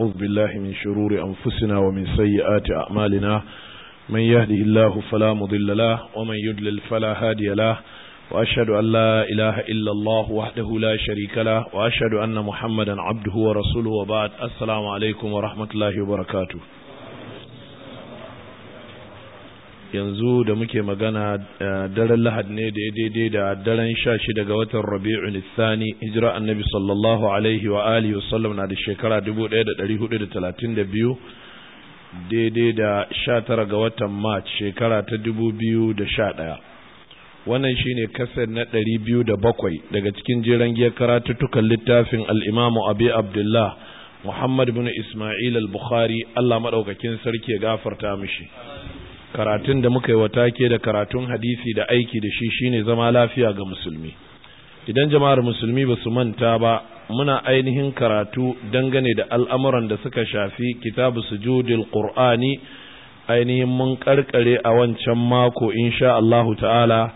ونعوذ بالله من شرور أنفسنا ومن سيئات أعمالنا من يهدي الله فلا مضل له ومن يدلل فلا هادي له وأشهد أن لا إله إلا الله وحده لا شريك له وأشهد أن محمدا عبده ورسوله وبعد السلام عليكم ورحمة الله وبركاته yanzu da muke magana eh, daren lahad ne da ya daidai da daren sha shida ga watan rabi'u nisani hijira annabi sallallahu alaihi wa alihi wasallam na da shekara 1432 daidai da sha tara ga watan march shekara ta 2011 wannan shi ne kasar na 207 daga cikin jeren giyar karatuttukan littafin al'imamu abi abdullah muhammad bin ismail al-bukhari allah maɗaukakin sarki ya gafarta mishi karatun da muka yi watake da karatun hadisi da aiki da shi shine zama lafiya ga musulmi idan jama'ar musulmi ba su manta ba muna ainihin karatu dangane da al'amuran da suka shafi kitabu sujudil qur'ani ainihin mun karkare a wancan mako insha Allahu ta'ala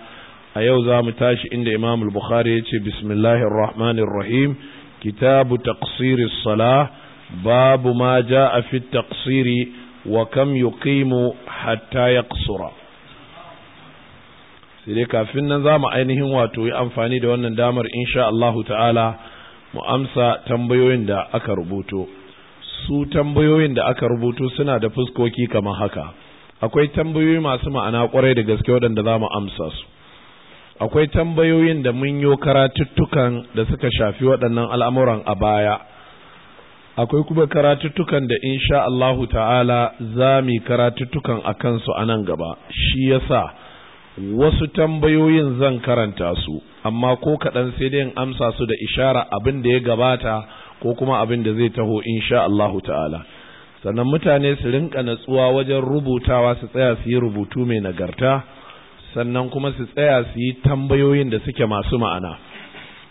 a yau za mu tashi inda Imam al-Bukhari ya ce bismillahir rahmanir rahim kitabu taqsiris salah babu ma jaa fi taqsiri wa kam yuqimu hatta yaqsura sai dai kafin nan zamu ainihin wato yi amfani da wannan damar insha Allahu ta'ala mu amsa tambayoyin da aka rubuto su tambayoyin da aka rubuto suna da fuskoki kamar haka akwai tambayoyi masu ma'ana kwarai da gaske waɗanda za mu amsa su akwai tambayoyin da mun yi karatuttukan da suka shafi waɗannan al'amuran a baya akwai kuma karatuttukan da insha Allahu ta'ala za mu karatuttukan a kansu a nan gaba shi yasa wasu tambayoyin zan karanta su amma ko kaɗan sai dai in amsa su da ishara abin da ya gabata ko kuma abin da zai taho insha Allahu ta'ala sannan mutane su rinka natsuwa wajen rubutawa su tsaya su yi rubutu mai nagarta sannan kuma su tsaya su yi tambayoyin da suke masu ma'ana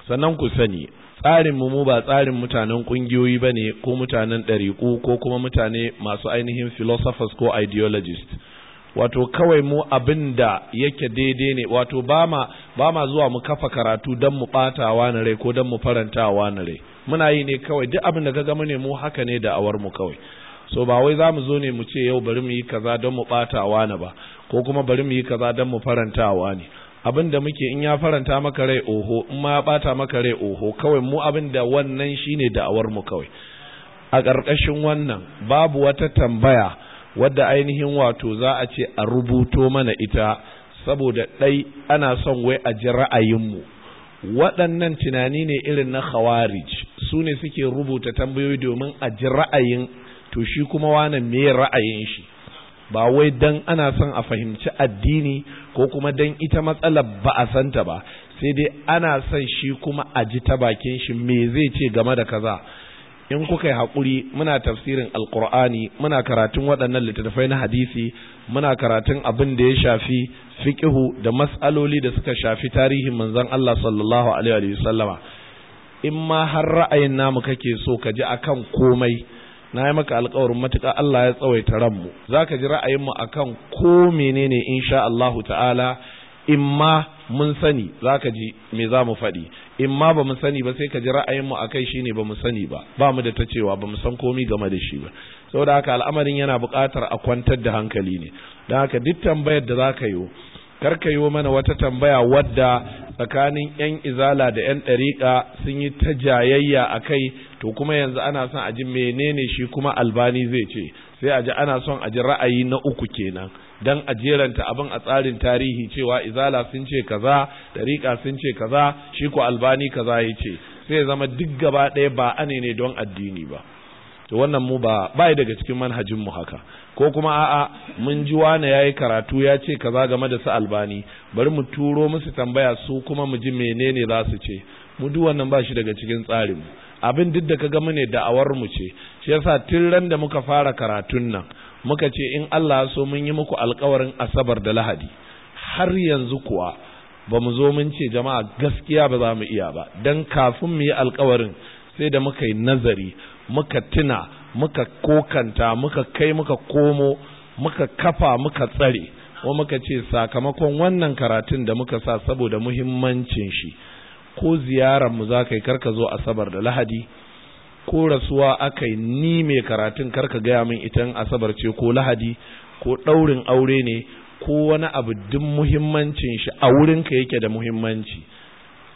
sannan ku sani tsarin mu ba tsarin mutanen kungiyoyi bane ko mutanen ɗariƙu ko kuma mutane masu ainihin philosophers ko ideologist wato kawai mu abin da yake daidai ne wato ba ma zuwa mu kafa karatu don mu ɓatawa na rai ko don mu farantawa na rai muna yi ne kawai duk abin da ka gama ne mu haka ne da awar mu kawai so ba wai za mu zo ne mu ce yau bari mu yi kaza don mu ɓatawa wani ba ko kuma bari mu yi kaza don mu farantawa ne abin da muke in ya faranta maka rai oho in ma ya bata maka rai oho kawai mu abin da wannan shine da'awar mu kawai a ƙarƙashin wannan babu wata tambaya wadda ainihin wato za a ce a rubuto mana ita saboda ɗai ana son wai a ji ra'ayinmu waɗannan tunani ne irin na khawarij su ne suke rubuta tambayoyi domin a ji ra'ayin to shi kuma wane me ra'ayin shi ba wai dan ana son a fahimci addini ko kuma dan ita matsalar ba a santa ba sai dai ana son shi kuma a ji ta bakin shi me zai ce game da kaza in kuka yi haƙuri muna tafsirin alƙur'ani muna karatun waɗannan littattafai na hadisi muna karatun abin da ya shafi fiƙihu da matsaloli da suka shafi tarihin manzon Allah sallallahu alaihi wa sallama in ma har ra'ayin namu kake so ka ji akan komai na yi maka alkawarin matuƙa Allah ya tsawaita ranmu za ka ji ra'ayinmu a kan ko menene insha Allahu ta'ala in ma mun sani za ka ji me za mu faɗi in ma ba mu sani ba sai ka ji ra'ayinmu a kai shine ba mu sani ba ba mu da ta cewa ba mu san komi game da shi ba saboda haka al'amarin yana buƙatar a kwantar da hankali ne don haka duk tambayar da za ka yi karka yi mana wata tambaya wadda tsakanin 'yan izala da 'yan ɗariƙa sun yi ta jayayya a kai to kuma yanzu ana son a ji menene shi kuma albani zai ce sai a ji ana son a ji ra'ayi na uku kenan don a jeranta abin a tsarin tarihi cewa izala sun ce kaza ɗariƙa sun ce kaza shi ko albani kaza ya ce sai zama duk gaba ɗaya ba ane ne don addini ba to wannan mu ba bai daga cikin manhajinmu haka ko kuma a'a mun ji wane yayi karatu ya ce kaza game da su albani bari mu turo musu tambaya su kuma mu ji menene za su ce mu duk wannan ba shi daga cikin tsarin mu abin duk da kaga mune da'awar mu ce shi yasa tun ran da muka fara karatun nan muka ce in Allah ya so mun yi muku alƙawarin asabar da lahadi har yanzu kuwa ba mu zo mun ce jama'a gaskiya ba za mu iya ba dan kafin mu yi alƙawarin sai da muka yi nazari muka tuna muka kokanta muka kai muka komo muka kafa muka tsare ko muka ce sakamakon wannan karatun da muka sa saboda muhimmancin shi ko ziyarar mu zakai karka zo asabar da lahadi ko rasuwa akai ni mai karatun karka gaya min itan asabar ce ko lahadi ko ɗaurin aure ne ko wani abu duk muhimmancin shi a wurinka yake da muhimmanci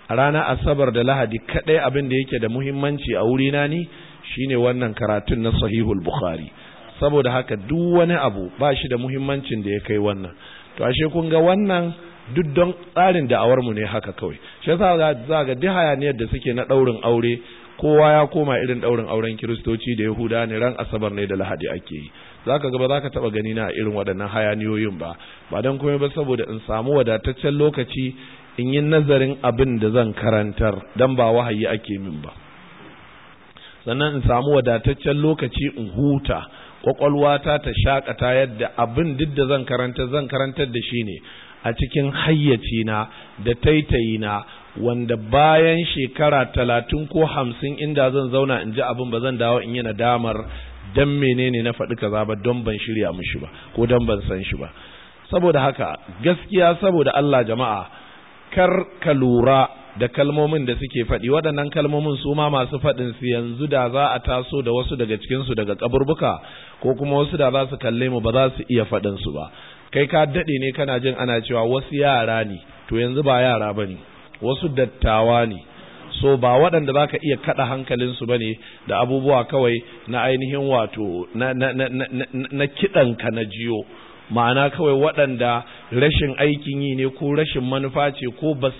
a ranar asabar da lahadi kaɗai abin da yake da muhimmanci a wurina ni shine wannan karatun na sahihul bukhari saboda haka duk wani abu ba shi da muhimmancin da ya kai wannan to ashe kun ga wannan duk don tsarin da'awar mu ne haka kawai shi yasa za ga duk hayaniyar da suke na daurin aure kowa ya koma irin daurin auren kiristoci da yahuda ne ran asabar ne da lahadi ake yi zaka ga ba zaka taba gani na irin waɗannan hayaniyoyin ba ba dan komai ba saboda in samu wadataccen lokaci in yi nazarin abin da zan karantar dan ba wahayi ake min ba sannan in samu wadataccen lokaci in huta kwakwalwata ta shakata yadda abin duk da zan karanta zan karantar da shi ne a cikin hayyacina da taitayina wanda bayan shekara talatin ko hamsin inda zan zauna in ji abin ba zan dawo in yi nadamar don menene na faɗi kaza ba don ban shirya mishi ba ko don ban san shi ba saboda haka gaskiya saboda Allah jama'a kar ka lura da kalmomin da suke faɗi waɗannan kalmomin su ma masu faɗin su yanzu da za a taso da wasu daga cikinsu daga kaburbuka ko kuma wasu da za su kalle mu ba za su iya faɗin su ba kai ka daɗe ne kana jin ana cewa wasu yara ne to yanzu ba yara ba ne wasu dattawa ne so ba waɗanda za ka iya kaɗa hankalinsu ba ne da abubuwa kawai na ainihin wato na kiɗanka na jiyo ma'ana kawai waɗanda rashin aikin yi ne ko rashin manufa ce ko ba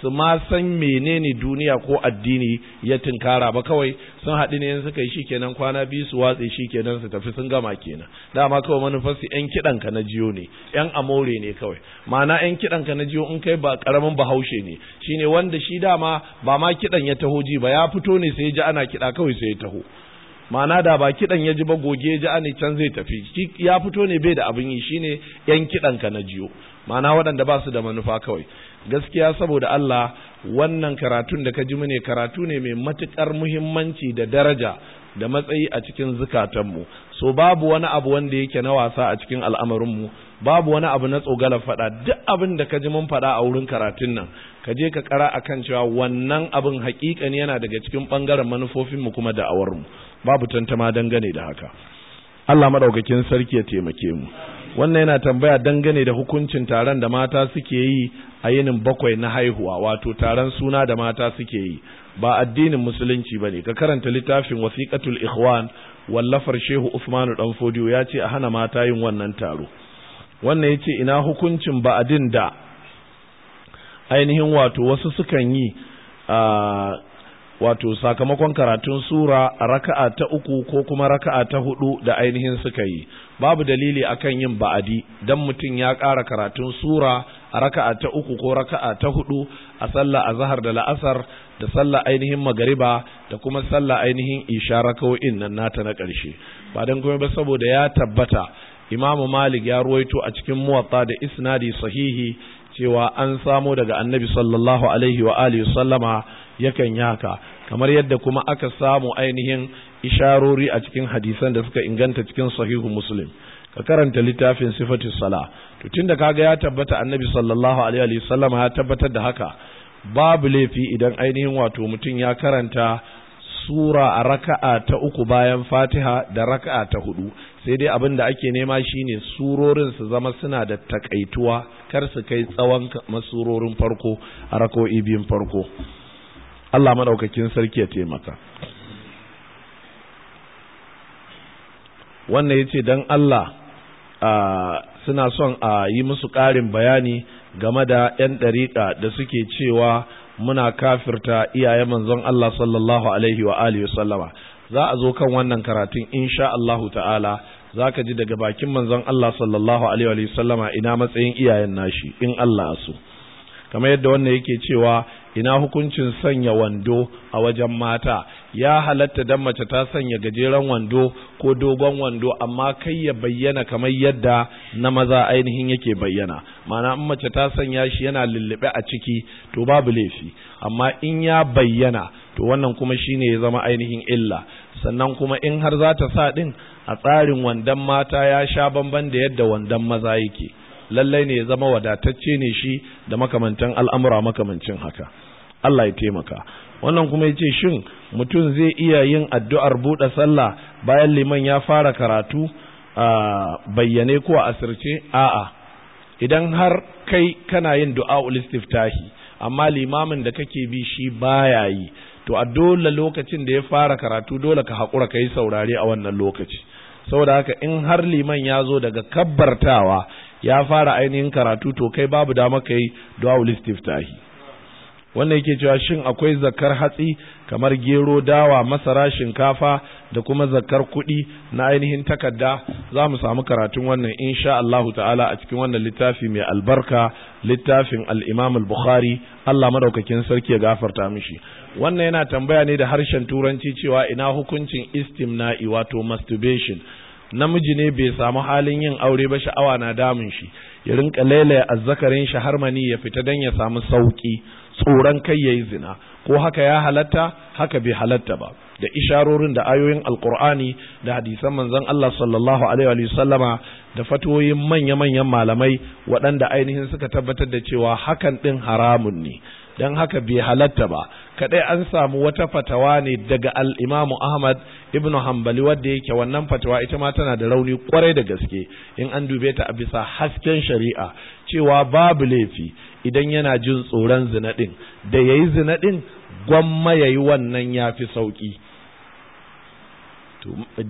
su ma san menene duniya ko addini ya tunkara ba kawai sun haɗu ne suka yi shikenan kwana biyu su watse shikenan su tafi sun gama kenan dama kawai manufar su yan kiɗan ka na jiyo ne yan amore ne kawai ma'ana yan kiɗan ka na jiyo in kai ba karamin bahaushe ne shine wanda shi dama ba ma kiɗan ya taho ji ba ya fito ne sai ya ji ana kiɗa kawai sai ya taho ma'ana da ba kiɗan ya ji ba goge ji ne can zai tafi ya fito ne bai da abin yi shine yan kiɗan ka na jiyo ma'ana waɗanda ba su da manufa kawai gaskiya saboda Allah wannan karatun da ka ji mu ne karatu ne mai matuƙar muhimmanci da daraja da matsayi a cikin zukatanmu so babu wani abu wanda yake na wasa a cikin al'amarinmu babu wani abu na tsogalar faɗa duk abin da ka ji mun faɗa a wurin karatun nan ka je ka kara akan cewa wannan abin ne yana daga cikin ɓangaren manufofinmu kuma da'awarmu babu tantama dangane da haka Allah madaukakin sarki ya taimake mu wannan yana tambaya dangane da hukuncin taron da mata suke yi a yinin bakwai na haihuwa wato taron suna da mata suke yi ba addinin musulunci ba ne. ka karanta littafin wasiqatul ikhwan wallafar shehu Usmanu Danfodiyo ya ce a hana mata yin wannan taro wannan yace ina hukuncin ba'adin da ainihin wato wasu sukan yi wato sakamakon karatun sura raka'a ta uku ko kuma raka'a ta hudu da ainihin suka yi babu dalili akan yin ba'adi dan mutum ya ƙara karatun sura a raka'a ta uku ko raka'a ta hudu a sallah azhar da la'asar da sallah ainihin magariba da kuma sallah ainihin isha raka'o'in nan nata na ƙarshe ba dan kuma ba saboda ya tabbata imamu Malik ya ruwaito a cikin Muwatta da isnadi sahihi cewa an samo daga annabi sallallahu alaihi wa alihi sallama yakan yaka kamar yadda kuma aka samu ainihin isharori a cikin hadisan da suka inganta cikin sahihu muslim ka karanta littafin sifati sala to tunda kaga ya tabbata annabi sallallahu alaihi wa sallama ya tabbatar da haka babu laifi idan ainihin wato mutum ya karanta sura a raka'a ta uku bayan fatiha da raka'a ta hudu sai dai abin da ake nema shine surorin su zama suna da takaituwa kar su kai tsawon masurorin farko a rako'i biyun farko Allah madaukakin sarki ya taimaka wannan ya ce don Allah suna son a yi musu ƙarin bayani game da 'yan ɗariƙa da suke cewa muna kafirta iyayen manzon Allah sallallahu alaihi wa alihi sallama za a zo kan wannan karatun insha Allahu ta'ala Za ka ji daga bakin manzon Allah sallallahu alaihi wa sallama ina matsayin iyayen nashi in Allah so kamar yadda wannan yake cewa ina hukuncin sanya wando a wajen mata ya halatta dan mace ta sanya gajeren wando ko dogon wando amma kai ya bayyana kamar yadda na maza ainihin yake bayyana Ma'ana in mace ta sanya shi yana lullube a ciki to babu laifi amma in ya bayyana to wannan kuma shine ya zama ainihin illa sannan kuma in har za ta sa ɗin a tsarin wandan mata ya sha bamban da yadda wandan maza yake lallai ne ya zama wadatacce ne shi da makamantan al'amura makamancin haka Allah ya taimaka wannan kuma ya ce shin mutum zai iya yin addu'ar buɗe sallah bayan liman ya fara karatu a bayyane ko asirce a'a idan har kai kana yin du'a ul istiftahi amma limamin da kake bi shi baya yi to a dole lokacin da ya fara karatu dole ka haƙura ka yi saurare a wannan lokaci saboda haka in har liman ya zo daga kabbartawa ya fara ainihin karatu to kai babu dama ka yi du'aul istiftahi wannan yake cewa shin akwai zakar hatsi kamar gero dawa masara shinkafa da kuma zakar kuɗi na ainihin takarda za mu samu karatun wannan insha Allahu ta'ala a cikin wannan littafi mai albarka littafin al-Imam al-Bukhari Allah madaukakin sarki ya gafarta mishi wannan yana tambaya ne da harshen turanci cewa ina hukuncin istimna'i wato masturbation namiji ne bai samu halin yin aure ba sha'awa na damun shi ya rinka lailaya azzakarin shi har mani ya fita dan ya samu sauki tsoron kai yayi zina ko haka ya halatta haka bai halatta ba da isharorin da ayoyin alkur'ani da hadisan manzon Allah sallallahu alaihi wa sallama da fatoyin manya-manyan malamai waɗanda ainihin suka tabbatar da cewa hakan ɗin haramun ne don haka bai halatta ba kadai an samu wata fatawa ne daga al'imamu ahmad ibnu hambali wadda yake wannan fatawa ita ma tana da rauni kwarai da gaske in an dube ta a bisa hasken shari'a cewa babu laifi idan yana jin tsoron zina da yayi zina din gwamma yayi wannan yafi sauki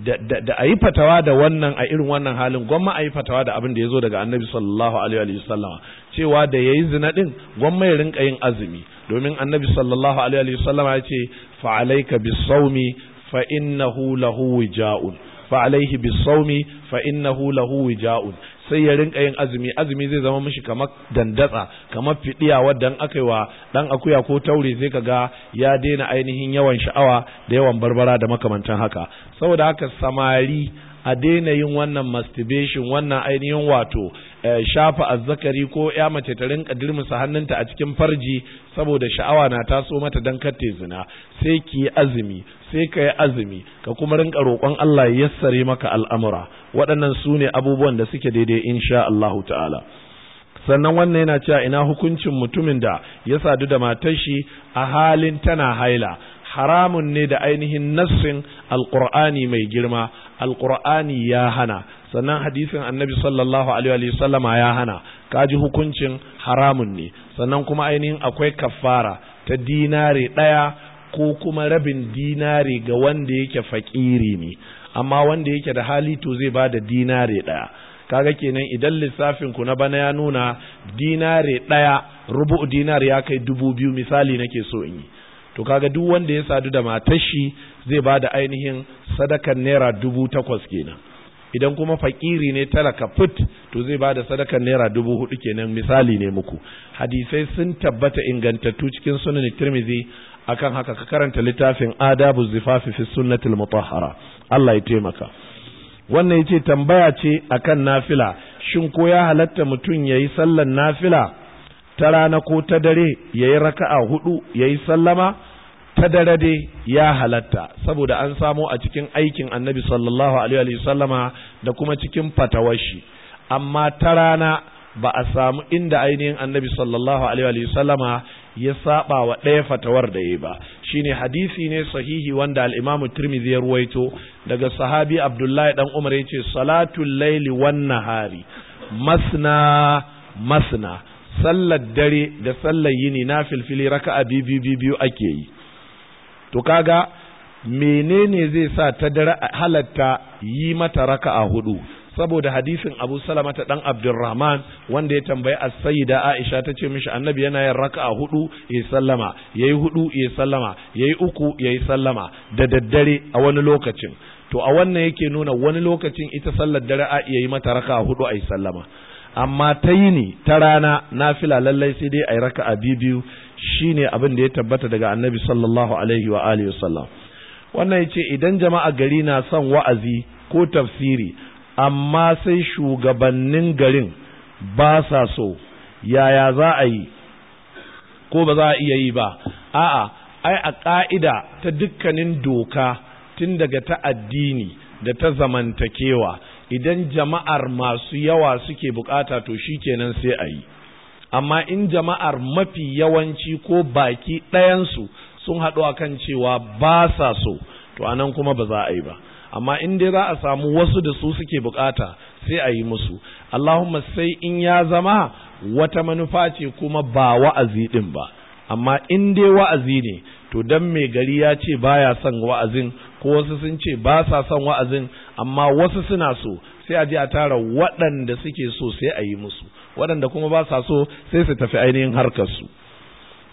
da a yi fatawa da wannan a irin wannan halin gwamma a yi fatawa da abin da ya zo daga annabi sallallahu alaihi wasallama cewa da ya yi zina ɗin gwamma ya rinka yin azumi domin annabi sallallahu alaihi wasallam ya ce fa bi saumi fa innahu lahu wija'un fa bi saumi fa innahu lahu wija'un sai ya rinka yin azumi azumi zai zama mishi kamar dandatsa kamar fidiya wadda aka yi wa dan akuya ko taure sai kaga ya daina ainihin yawan sha'awa da yawan barbara da makamantan haka saboda haka samari a daina yin wannan masturbation wannan ainihin wato eh, shafa azzakari ko ya mace ta rinka dirmusa hannunta a cikin farji saboda sha'awa na taso mata dan katte zina sai ki yi azumi sai ka yi azumi ka kuma rinka roƙon Allah ya yassare maka al'amura waɗannan su ne abubuwan da suke daidai insha Allahu ta'ala sannan wannan yana cewa ina hukuncin mutumin da ya sadu da matar shi a halin tana haila haramun ne da ainihin nassin alqur'ani mai girma alqur'ani ya hana sannan hadisin annabi sallallahu alaihi wa ya hana kaji hukuncin haramun ne sannan kuma ainihin akwai kafara ta dinari ɗaya ko kuma rabin dinari ga wanda yake fakiri ne amma wanda yake da hali to zai ba da dinare ɗaya kaga kenan idan lissafin ku na bana ya nuna dinari ɗaya rubu dinar ya kai dubu biyu misali nake so in yi to kaga duk wanda ya sadu da matar shi zai ba da ainihin sadakar naira dubu takwas kenan idan kuma fakiri ne talaka fit to zai ba da sadakar naira dubu hudu kenan misali ne muku hadisai sun tabbata ingantattu cikin sunan tirmizi akan haka ka karanta littafin adabu zifafi fi sunnatul mutahhara Allah ya taimaka wannan yace tambaya ce akan nafila shin ko ya halatta mutum yayi sallar nafila ta rana ko ta dare ya yi raka'a hudu ya yi sallama ta dare dai ya halatta saboda an samo a cikin aikin annabi sallallahu alaihi sallama da kuma cikin fatawashi amma ta rana ba a samu inda ainihin annabi sallallahu alaihi sallama ya saba wa ɗaya fatawar da ya ba Shi ne hadisi ne sahihi wanda Al'imamu turmizi ya ruwaito daga sahabi abdullahi dan umar ya ce salatul laili wan hari? masna masna sallar dare da sallar yini na filfili raka'a biyu biyu ake yi to kaga menene zai sa ta dare halatta yi mata raka'a hudu saboda hadisin Abu Salama ta dan Abdurrahman wanda ya tambayi sayi da Aisha ta ce mishi annabi yana yin raka'a hudu ya yi sallama ya yi hudu ya yi sallama ya yi uku ya yi sallama da daddare a wani lokacin to a wannan yake nuna wani lokacin ita sallar dare a iya yi mata raka'a hudu a yi sallama amma ta yi ni ta rana na fila lallai sai dai a yi raka a biyu Shi ne abin da ya tabbata daga annabi sallallahu alaihi wa alihi wasallam wannan ce idan jama'a gari na son wa'azi ko tafsiri amma sai shugabannin garin ba sa so yaya za a yi ko ba za a iya yi ba a'a ai a ka'ida ta dukkanin doka tun daga ta addini da ta zamantakewa idan jama'ar masu yawa suke bukata to shi kenan sai a yi amma in jama'ar mafi yawanci ko baki ɗayansu sun haɗu akan cewa ba sa so to anan kuma ba za a yi ba amma in dai za a samu wasu da su suke bukata sai a yi musu Allahumma sai in ya zama wata manufa ce kuma ba wa'azi din ba amma in dai wa'azi ne to dan mai gari ya ce baya son wa'azin ko wasu sun ce ba sa son wa'azin amma wasu suna so sai a je a tara waɗanda suke so sai a yi musu waɗanda kuma ba sa so sai su tafi ainihin harkarsu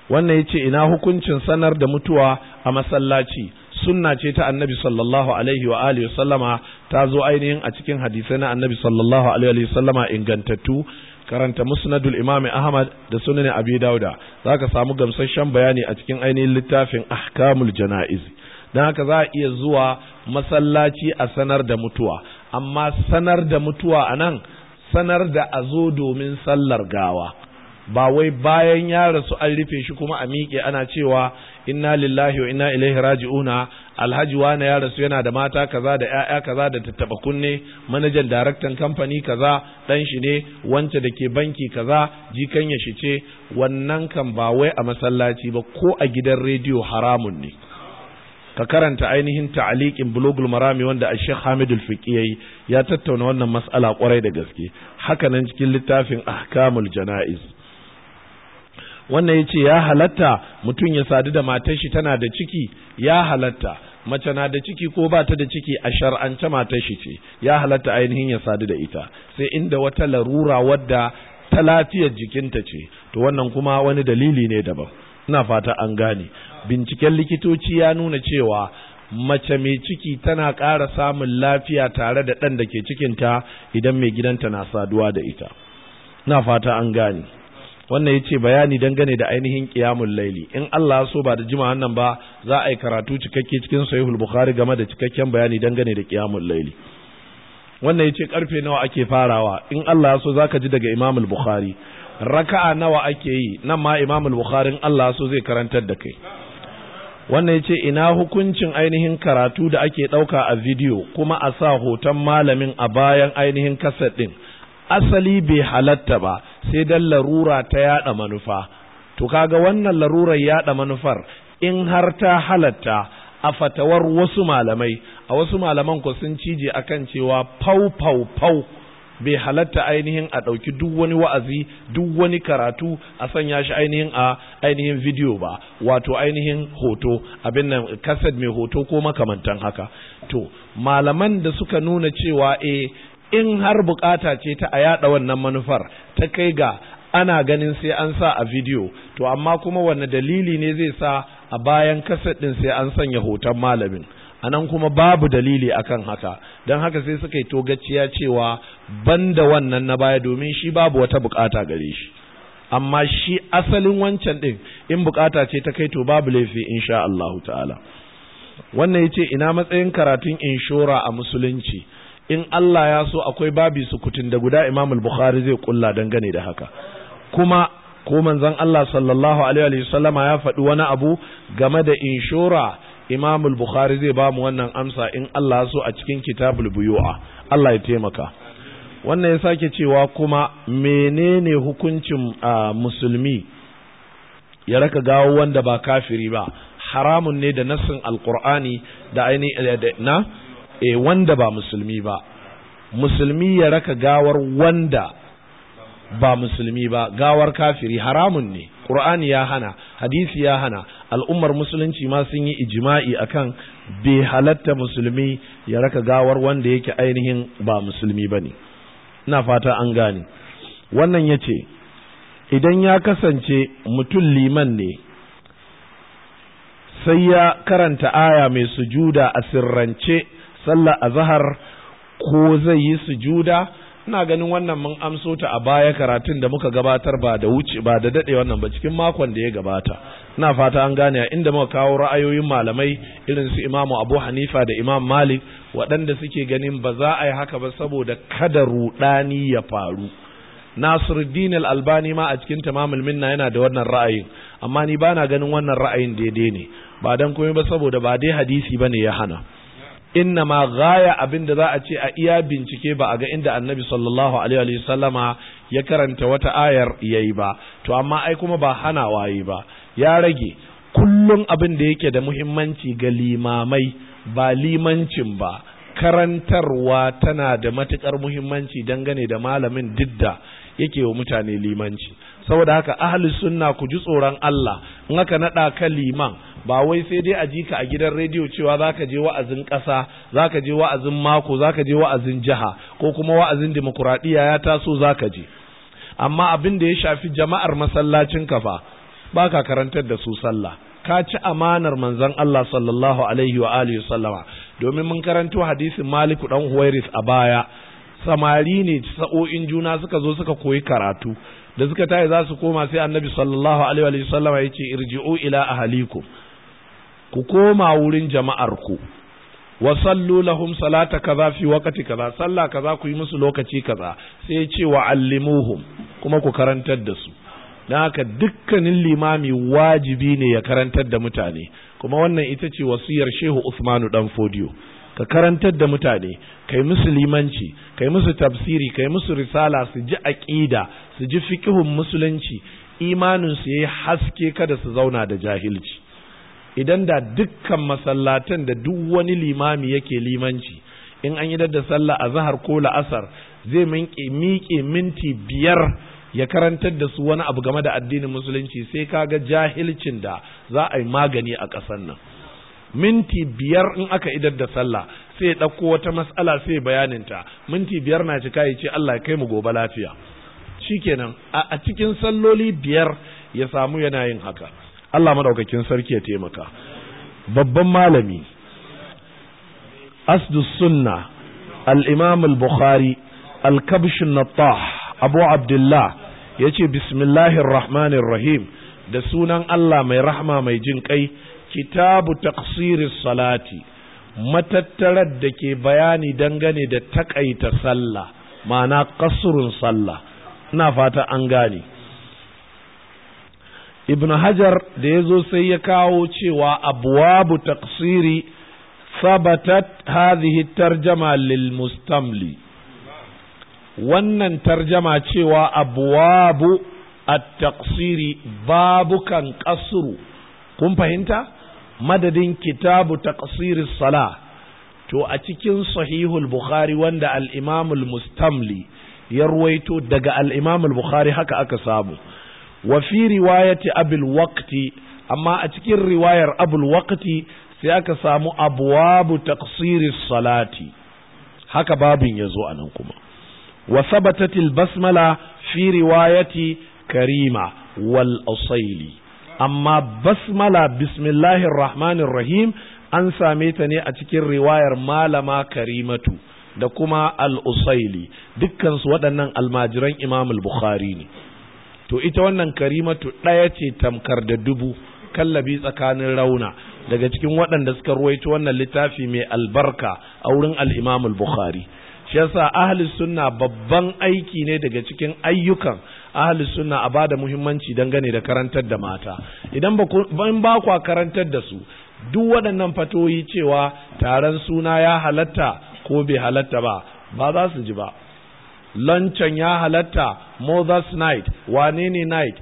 wannan ya ce ina hukuncin sanar da mutuwa a masallaci sunna ce ta annabi sallallahu alaihi wa alihi sallama ta zo ainihin a cikin hadisai na annabi sallallahu alaihi wa sallama ingantattu karanta musnadul Imami ahmad da sunan abi dauda zaka samu gamsasshen bayani a cikin ainihin littafin ahkamul janaiz don haka za a iya zuwa masallaci a sanar da mutuwa amma sanar da mutuwa a nan sanar da a zo domin sallar gawa ba wai bayan ya rasu an rufe shi kuma a miƙe ana cewa inna lillahi wa inna ilaihi raji'una alhaji wani ya rasu yana da mata kaza da ƴaƴa kaza da tattaba kunne manajan daraktan kamfani kaza dan shi ne wance da ke banki kaza jikan ya shi ce wannan kan ba wai a masallaci ba ko a gidan rediyo haramun ne ka karanta ainihin ta'aliqin bulugul marami wanda a Sheikh Hamid al yayi ya tattauna wannan mas'ala kwarai da gaske haka nan cikin littafin Ahkamul Janaiz wannan ce ya halatta mutum ya sadu da matar shi tana da ciki ya halatta mace na da ciki ko ba ta da ciki a shar'ance matar shi ce ya halatta ainihin ya sadu da ita sai inda wata larura wadda ta lafiyar jikinta ce to wannan kuma wani dalili ne daban ina fata an gane binciken likitoci ya nuna cewa mace mai ciki tana ƙara samun lafiya tare da ɗan da ke cikinta idan mai gidanta na saduwa da ita na fata an gane wannan ya ce bayani dangane da ainihin ƙiyamun laili in Allah so ba da jima'an nan ba za a yi karatu cikakke cikin sahihul bukhari game da cikakken bayani dangane da ƙiyamun laili wannan ya ce karfe nawa ake farawa in Allah ya so za ka ji daga imamul bukhari raka'a nawa ake yi nan ma imamul bukharin Allah so zai karantar da kai wannan ya ce ina hukuncin ainihin karatu da ake ɗauka a bidiyo kuma a sa hoton malamin a bayan ainihin kasar ɗin asali bai halatta ba sai dan larura ta yaɗa manufa to kaga wannan larurar yaɗa manufar in har ta halatta a fatawar wasu malamai a wasu malaman ku sun cije akan cewa "Pau pau pau!" bai halatta ainihin a ɗauki duk wani wa'azi duk wani karatu a sanya shi ainihin a ainihin video ba wato ainihin hoto abin nan kaset mai hoto ko makamantan haka to malaman da suka nuna cewa e in har bukata ce ta a yaɗa wannan manufar ta kai ga ana ganin sai an sa a video to amma kuma wanne dalili ne zai sa a bayan kaset ɗin sai an sanya hoton malamin anan kuma babu dalili akan haka don haka sai suka yi togaciya cewa banda wannan na baya domin shi babu wata bukata gare shi amma shi asalin wancan ɗin, in bukata ce ta kai to babu laifi insha Allah ta'ala wannan yace ina matsayin karatun inshora a musulunci in Allah ya so akwai babi sukutun da guda Imam al-Bukhari zai kulla dangane da haka kuma ko manzon Allah sallallahu alaihi wa sallama ya faɗi wani abu game da inshora Imam bukhari zai ba mu wannan amsa in Allah so a cikin Kitabul Buyu'a Allah ya taimaka wannan ya sake cewa kuma menene hukuncin musulmi ya raka gawo wanda ba kafiri ba haramun ne da nassin alqur'ani da aini eh, na eh wanda ba musulmi ba musulmi ya raka gawar wanda ba musulmi ba gawar kafiri haramun ne qur'ani ya hana hadisi ya hana al'ummar musulunci ma sun yi ijma'i akan bai halatta musulmi ya raka gawar wanda yake ainihin ba musulmi ba ne ina fata an gane wannan ya ce idan ya kasance mutum liman ne sai ya karanta aya mai sujuda a sirrance sallar azhar ko zai yi sujuda ina ganin wannan mun amso ta a baya karatun da muka gabatar ba da wuce ba da dade wannan ba cikin makon da ya gabata ina fata an gane a inda muka kawo ra'ayoyin malamai irin su Imamu Abu Hanifa da Imam Malik waɗanda suke ganin ba za a yi haka ba saboda kada rudani ya faru Nasiruddin Al-Albani ma a cikin Tamamul Minna yana da wannan ra'ayin amma ni bana ganin wannan ra'ayin daidai ne ba dan komai ba saboda ba dai hadisi bane ya hana inna ma gaya abin da za a ce a iya bincike ba a ga inda annabi sallallahu alaihi wa sallama ya karanta wata ayar yayi ba to amma ai kuma ba hana wayi ba ya rage kullum abin da yake da muhimmanci ga limamai ba limancin ba karantarwa tana da matukar muhimmanci dangane da malamin didda yake wa mutane limanci saboda haka ahli sunna ku ji tsoron Allah in aka nada ka liman ba wai sai dai a ji ka a gidan rediyo cewa za ka je wa'azin ƙasa za ka je wa'azin mako za ka je wa'azin jiha ko kuma wa'azin demokuraɗiyya ya taso za ka je amma abin da ya shafi jama'ar masallacin ka fa ba ka karantar da su sallah ka ci amanar manzon Allah sallallahu alaihi wa alihi sallama domin mun karanto hadisin Malik dan Huwairis a baya samari ne sa'o'in juna suka zo suka koyi karatu da suka tayi za su koma sai annabi sallallahu alaihi wa sallama yace irji'u ila ahalikum ku koma wurin jama'ar ku wa sallu lahum salata kaza fi waqti kaza sallah kaza ku yi musu lokaci kaza sai ce wa allimuhum kuma ku karantar da su dan haka dukkanin limami wajibi ne ya karantar da mutane kuma wannan ita ce wasiyar Shehu Usmanu dan Fodiyo ka karantar da mutane kai musu limanci kai musu tafsiri kai musu risala su ji aƙida su ji fiqhun musulunci imanin su yayi haske kada su zauna da jahilci idan da dukkan masallatan da duk wani limami yake limanci in an yi da sallah a zahar ko la'asar zai miƙe minti biyar ya karantar da su wani abu game da addinin musulunci sai kaga jahilcin da za a yi magani a ƙasar nan minti biyar in aka idar da sallah sai ya ɗauko wata matsala sai ya bayaninta minti biyar na cika ya ce Allah ya kai mu gobe lafiya shikenan a cikin salloli biyar ya samu yana yin haka Allah madaukakin sarki ya taimaka babban malami asdu sunna al-imam al-bukhari al-kabsh an-nattah abu abdullah yace bismillahir rahmanir rahim da sunan Allah mai rahma mai jin kai kitabu taqsiris salati matattarar da ke bayani dangane da takaita sallah ma'ana kasurun sallah ina fata an gane ibn hajar da ya zo sai ya kawo cewa abuwabu taqsiri sabatat hadhihi tarjama lil mustamli wannan tarjama cewa abuwabu at-taqsiri kan qasru kun fahimta madadin kitabu taqsiri sala to a cikin sahihul bukhari wanda al-imam mustamli ya ruwaito daga al-imam bukhari haka aka samu wa fi riwayati abul waqti amma a cikin riwayar abul waqti sai aka samu abwabu taqsiris salati haka babin yazo anan kuma wa basmala fi riwayati karima wal asaili amma basmala bismillahir rahmanir rahim an same ta ne a cikin riwayar malama karimatu da kuma al-usaili dukkan su waɗannan almajiran imam al-bukhari ne to ita wannan karimatu ɗaya ce tamkar da dubu kallabi tsakanin rauna daga cikin waɗanda suka ruwaito wannan littafi mai albarka a wurin al'imamul bukhari shi yasa ahli sunna babban aiki ne daga cikin ayyukan ahli sunna a bada muhimmanci dangane da karantar da mata idan ba kwa karantar da su duk waɗannan fatoyi cewa taron suna ya halatta ko bai halatta ba ba za su ji ba lancan ya halatta mother's night Wanene ne night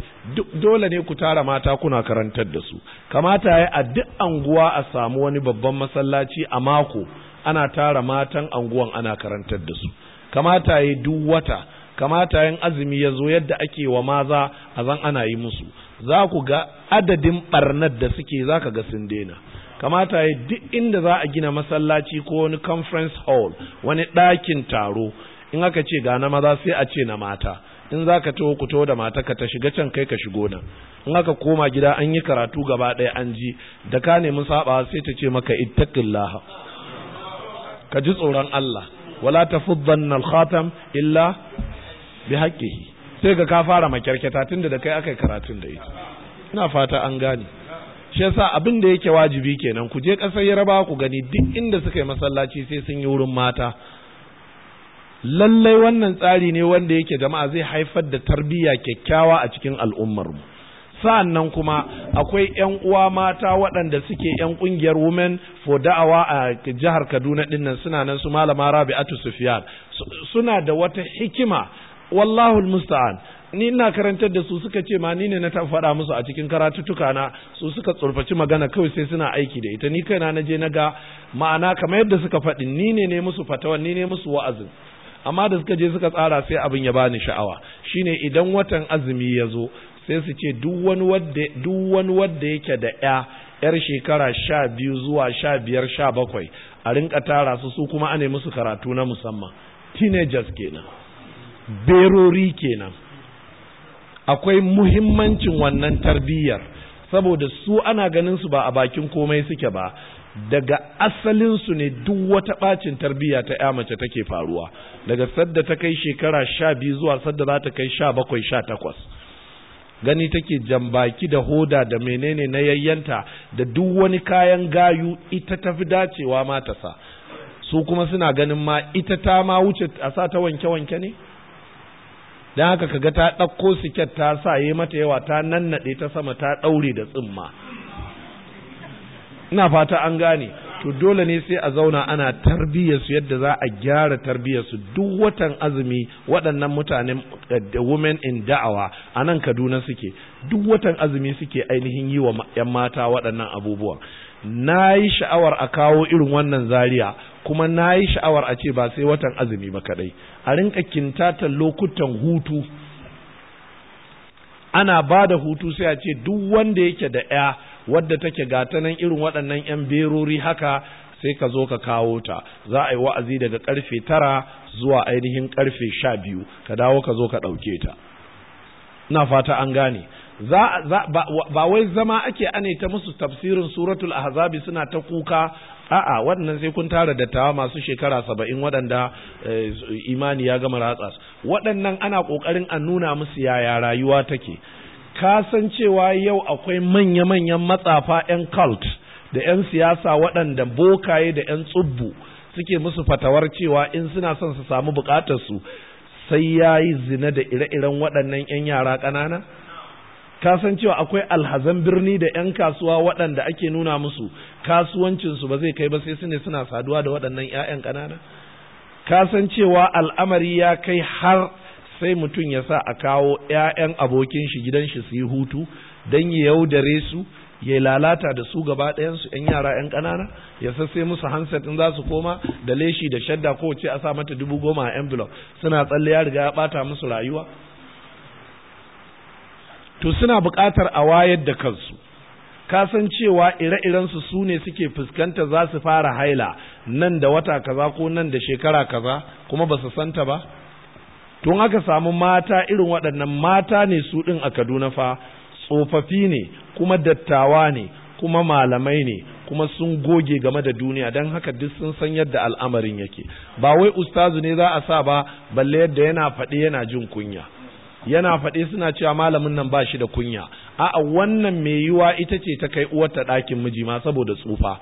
dole ne ku tara mata kuna karantar da su kamata ya a duk anguwa a samu wani babban masallaci a mako ana tara matan anguwan ana karantar da su kamata ya duk wata kamata yin azumi ya zo yadda ake wa maza a zan ana yi musu za ku ga adadin barnar da suke za ka ga sun daina kamata ya duk inda za a gina masallaci ko wani conference hall wani ɗakin taro in aka ce ga na maza sai a ce na mata in za ka taho ku taho da mata ka ta shiga can kai ka shigo nan in aka koma gida an yi karatu gaba ɗaya an ji da ka nemi saɓa sai ta ce maka ittaqillah ka ji tsoron Allah wala tafuddanna al-khatam illa bi haƙƙi, sai ga ka fara makyarketa tunda da kai yi karatun da ita ina fata an gane shi yasa abin da yake wajibi kenan ku je ƙasar Yarbawa ku gani duk inda suka yi masallaci sai sun yi wurin mata lallai wannan tsari ne wanda yake jama'a zai haifar da tarbiyya kyakkyawa a cikin al'ummar mu nan kuma akwai yan uwa mata waɗanda suke yan ƙungiyar women for da'awa a jihar Kaduna nan, suna nan su malama Rabi'atu Sufyan suna da wata hikima wallahu musta'an ni ina karantar da su suka ce ma ni ne na ta faɗa musu a cikin karatuttuka na su suka tsurfaci magana kawai sai suna aiki da ita ni kaina na je na ga ma'ana kamar yadda suka faɗi ni ne ne musu fatawan ni ne musu wa'azin amma da suka je suka tsara sai abin ya bani sha'awa shine idan watan azumi ya zo sai su ce duk wani wadda duk wani yake da ya yar shekara sha biyu zuwa sha biyar sha bakwai a rinka tara su su kuma ane musu karatu na musamman teenagers kenan berori kenan akwai muhimmancin wannan tarbiyyar saboda su ana ganin su ba a bakin komai suke ba daga asalinsu ne duk wata ɓacin tarbiyya ta ya mace take faruwa daga sadda ta kai shekara sha biyu zuwa sadda za ta kai sha bakwai sha takwas gani take jambaki da hoda da menene na yayyanta da duk wani kayan gayu ita ta fi dacewa ma sa su kuma suna ganin ma ita ta ma wuce a sa ta wanke-wanke ne dan haka kaga ta ɗauko siket ta sa yi mata yawa ta nannaɗe ta sama ta ɗaure da tsimma ina fata an gane to dole ne sai a zauna ana tarbiyyarsu yadda za a gyara tarbiyyarsu duk watan azumi waɗannan mutanen eh, the women in da'awa a nan kaduna suke duk watan azumi suke ainihin yi wa 'yan mata waɗannan abubuwan na yi sha'awar a kawo irin wannan zaria kuma na yi sha'awar a ce ba sai watan azumi ba kaɗai a rinka kintatan lokutan hutu ana ba da hutu sai a ce duk wanda yake da 'ya wadda take gata nan irin waɗannan 'yan berori haka sai ka zo ka kawo ta za a yi wa'azi daga karfe tara zuwa ainihin karfe sha biyu ka dawo ka zo ka ɗauke ta na fata an gane ba wai zama ake ane ta musu tafsirin suratul ahzabi suna ta kuka a'a waɗannan sai kun tara dattawa masu shekara saba'in waɗanda eh, imani ya gama ratsa waɗannan ana ƙoƙarin a nuna musu yaya rayuwa take ka san cewa yau akwai manya-manyan matsafa 'yan cult da 'yan siyasa waɗanda bokaye da 'yan tsubbu suke musu fatawar cewa in suna son su samu bukatarsu sai ya yi zina da ire-iren waɗannan 'yan yara ƙanana? kasan cewa akwai alhazan birni da 'yan kasuwa waɗanda ake nuna musu kasuwancinsu ba zai kai ba sai su ne suna saduwa da waɗannan 'ya'yan ƙanana kasan cewa al'amari ya kai har sai mutum ya sa a kawo 'ya'yan abokin shi gidan shi su yi hutu don ya yaudare su ya lalata da su gaba ɗayansu 'yan yara 'yan ƙanana ya sassai musu handset ɗin za su koma da leshi da shadda ko ce a sa mata dubu goma a envelope suna tsalle ya riga ya ɓata musu rayuwa to suna buƙatar a wayar da kansu kasan cewa ire-irensu su ne suke fuskanta za su fara haila nan da wata kaza ko nan da shekara kaza kuma ba su santa ba tun aka samu mata irin waɗannan mata ne su ɗin a kaduna fa tsofaffi ne kuma dattawa ne kuma malamai ne kuma sun goge game da duniya don haka duk sun san yadda al'amarin yake ba wai ustazu ne za a sa ba balle yadda yana faɗe yana jin kunya yana faɗe suna cewa malamin nan ba shi da kunya a'a wannan mai yiwa ita ce ta kai uwarta ɗakin miji ma saboda tsufa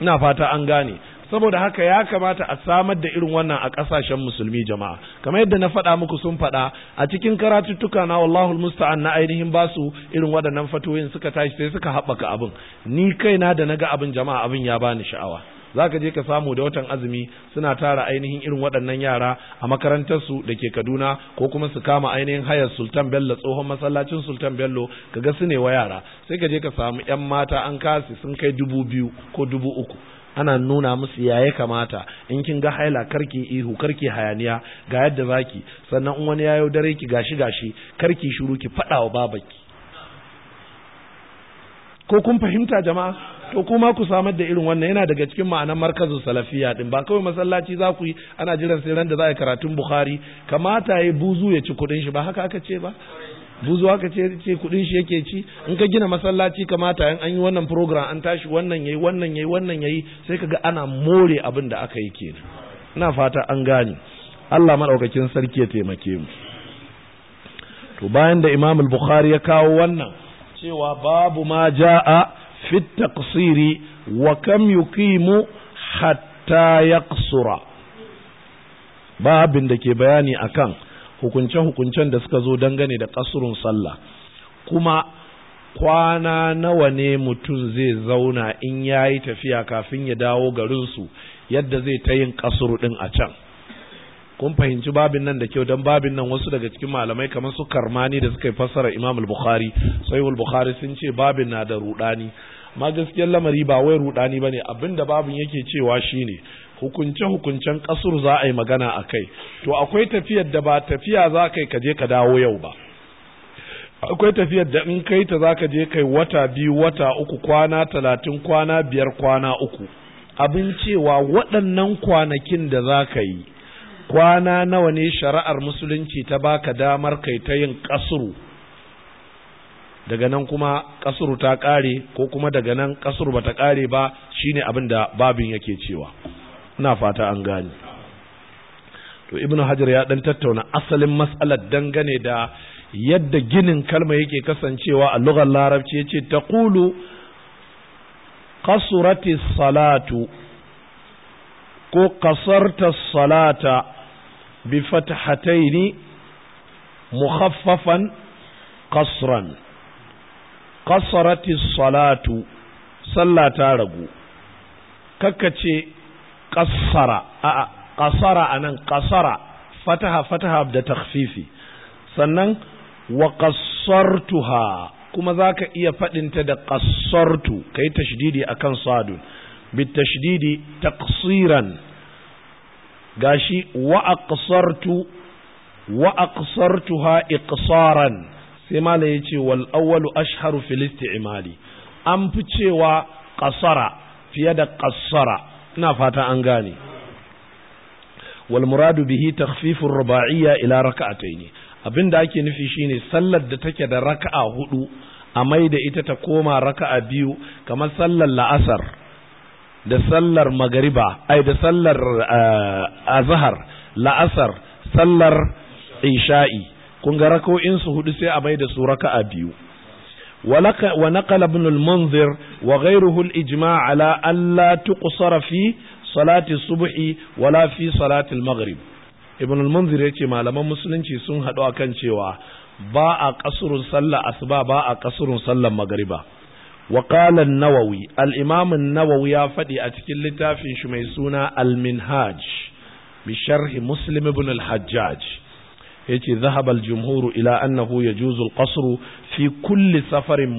ina fata an gane saboda haka ya kamata a samar da irin wannan a kasashen musulmi jama'a kamar yadda na faɗa muku sun faɗa a cikin karatuttuka na wallahul musta'an na ainihin basu irin waɗannan fatoyin suka tashi sai suka haɓaka abin ni kaina da naga abin jama'a abin ya bani sha'awa zaka je ka samu da watan azumi suna tara ainihin irin waɗannan yara a makarantar su da ke Kaduna ko kuma su kama ainihin hayar Sultan Bello tsohon masallacin Sultan Bello kaga su ne wa yara sai ka je ka samu 'yan mata an kasi sun kai dubu biyu ko dubu uku ana nuna musu ya ya kamata in kin ga haila karki ihu karki hayaniya ga yadda zaki sannan in wani yayo dare ki gashi gashi karki shiru ki faɗa wa babaki ko kun fahimta jama'a to kuma ku samar da irin wannan yana daga cikin ma'anar markazu salafiya din ba kawai masallaci za ku yi ana jiran sai ran da za a yi karatun bukhari kamata ya buzu ya ci kuɗin shi ba haka aka ce ba buzuwa ka ce ce kudin shi yake ci in ka gina masallaci kamata in an yi wannan program an tashi wannan yayi wannan yayi wannan yayi sai kaga ana more abin da aka yi kenan ina fata an gane Allah madaukakin sarki ya taimake mu to bayan da Imam al-Bukhari ya kawo wannan cewa babu ma jaa fi taqsiri wa kam yuqimu hatta yaqsura babin da ke bayani akan hukunce-hukuncen da suka zo dangane da kasurun sallah kuma kwana nawa ne mutum zai zauna in ya yi tafiya kafin ya dawo garinsu yadda zai ta yin kasuru ɗin a can kun fahimci babin nan da kyau don babin nan wasu daga cikin malamai kamar su karmani da suka yi fassara imam al-bukhari al bukhari sun ce babin na da rudani ma gaskiyar lamari ba wai rudani bane abinda babin yake cewa shine hukunce-hukuncen kasur za a yi magana a kai to akwai tafiyar da ba tafiya za ka yi ka ka dawo yau ba akwai tafiyar da in kai ta za ka je kai wata biyu wata uku kwana talatin kwana biyar kwana uku abin cewa waɗannan kwanakin da za ka yi kwana nawa ne shari'ar musulunci ta baka damar kai ta yin kasuru daga nan kuma kasuru ta ƙare ko kuma daga nan kasuru bata ƙare ba shine abin da babin yake cewa ina fata an gani. to ibnu hajar ya dan tattauna asalin mas'alar dangane da yadda ginin kalma yake kasancewa a lugar larabci yace taqulu qasurati salatu ko qasarta salata bi fathataini mukhaffafan qasran qasarati salatu sallah ta ragu kakkace qassara a qasara anan qasara fataha fataha da takhfifi sannan wa qassartuha kuma zaka iya ta da qassartu kai tashdidi akan sadun bit tashdidi taqsiran gashi wa aqsartu wa aqsartuha iqsaran sai mala yace wal awwalu ashharu fil isti'mali an fi cewa qasara fiye da qassara ina fata an gane wal muradu bihi takhfifur ruba'iyya ila abin abinda ake nufi shine sallar da take da raka'a hudu a mai da ita ta koma raka'a biyu kamar sallar la'asar da sallar magariba ai da sallar eh, azhar la'asar sallar isha'i kun ga rako'in su hudu sai a mai da su raka'a biyu ونقل ابن المنذر وغيره الإجماع على ألا تقصر في صلاة الصبح ولا في صلاة المغرب ابن المنذر يتي ما لما مسلم سن هدوا كان شيوا باء قصر صلى أصبا باء قصر صلى مغربا وقال النووي الإمام النووي فدي أتكل لتافي شميسونا المنهاج بشرح مسلم بن الحجاج yace zahaba al-jumhur ila annahu yajuzu al-qasr fi kulli safarin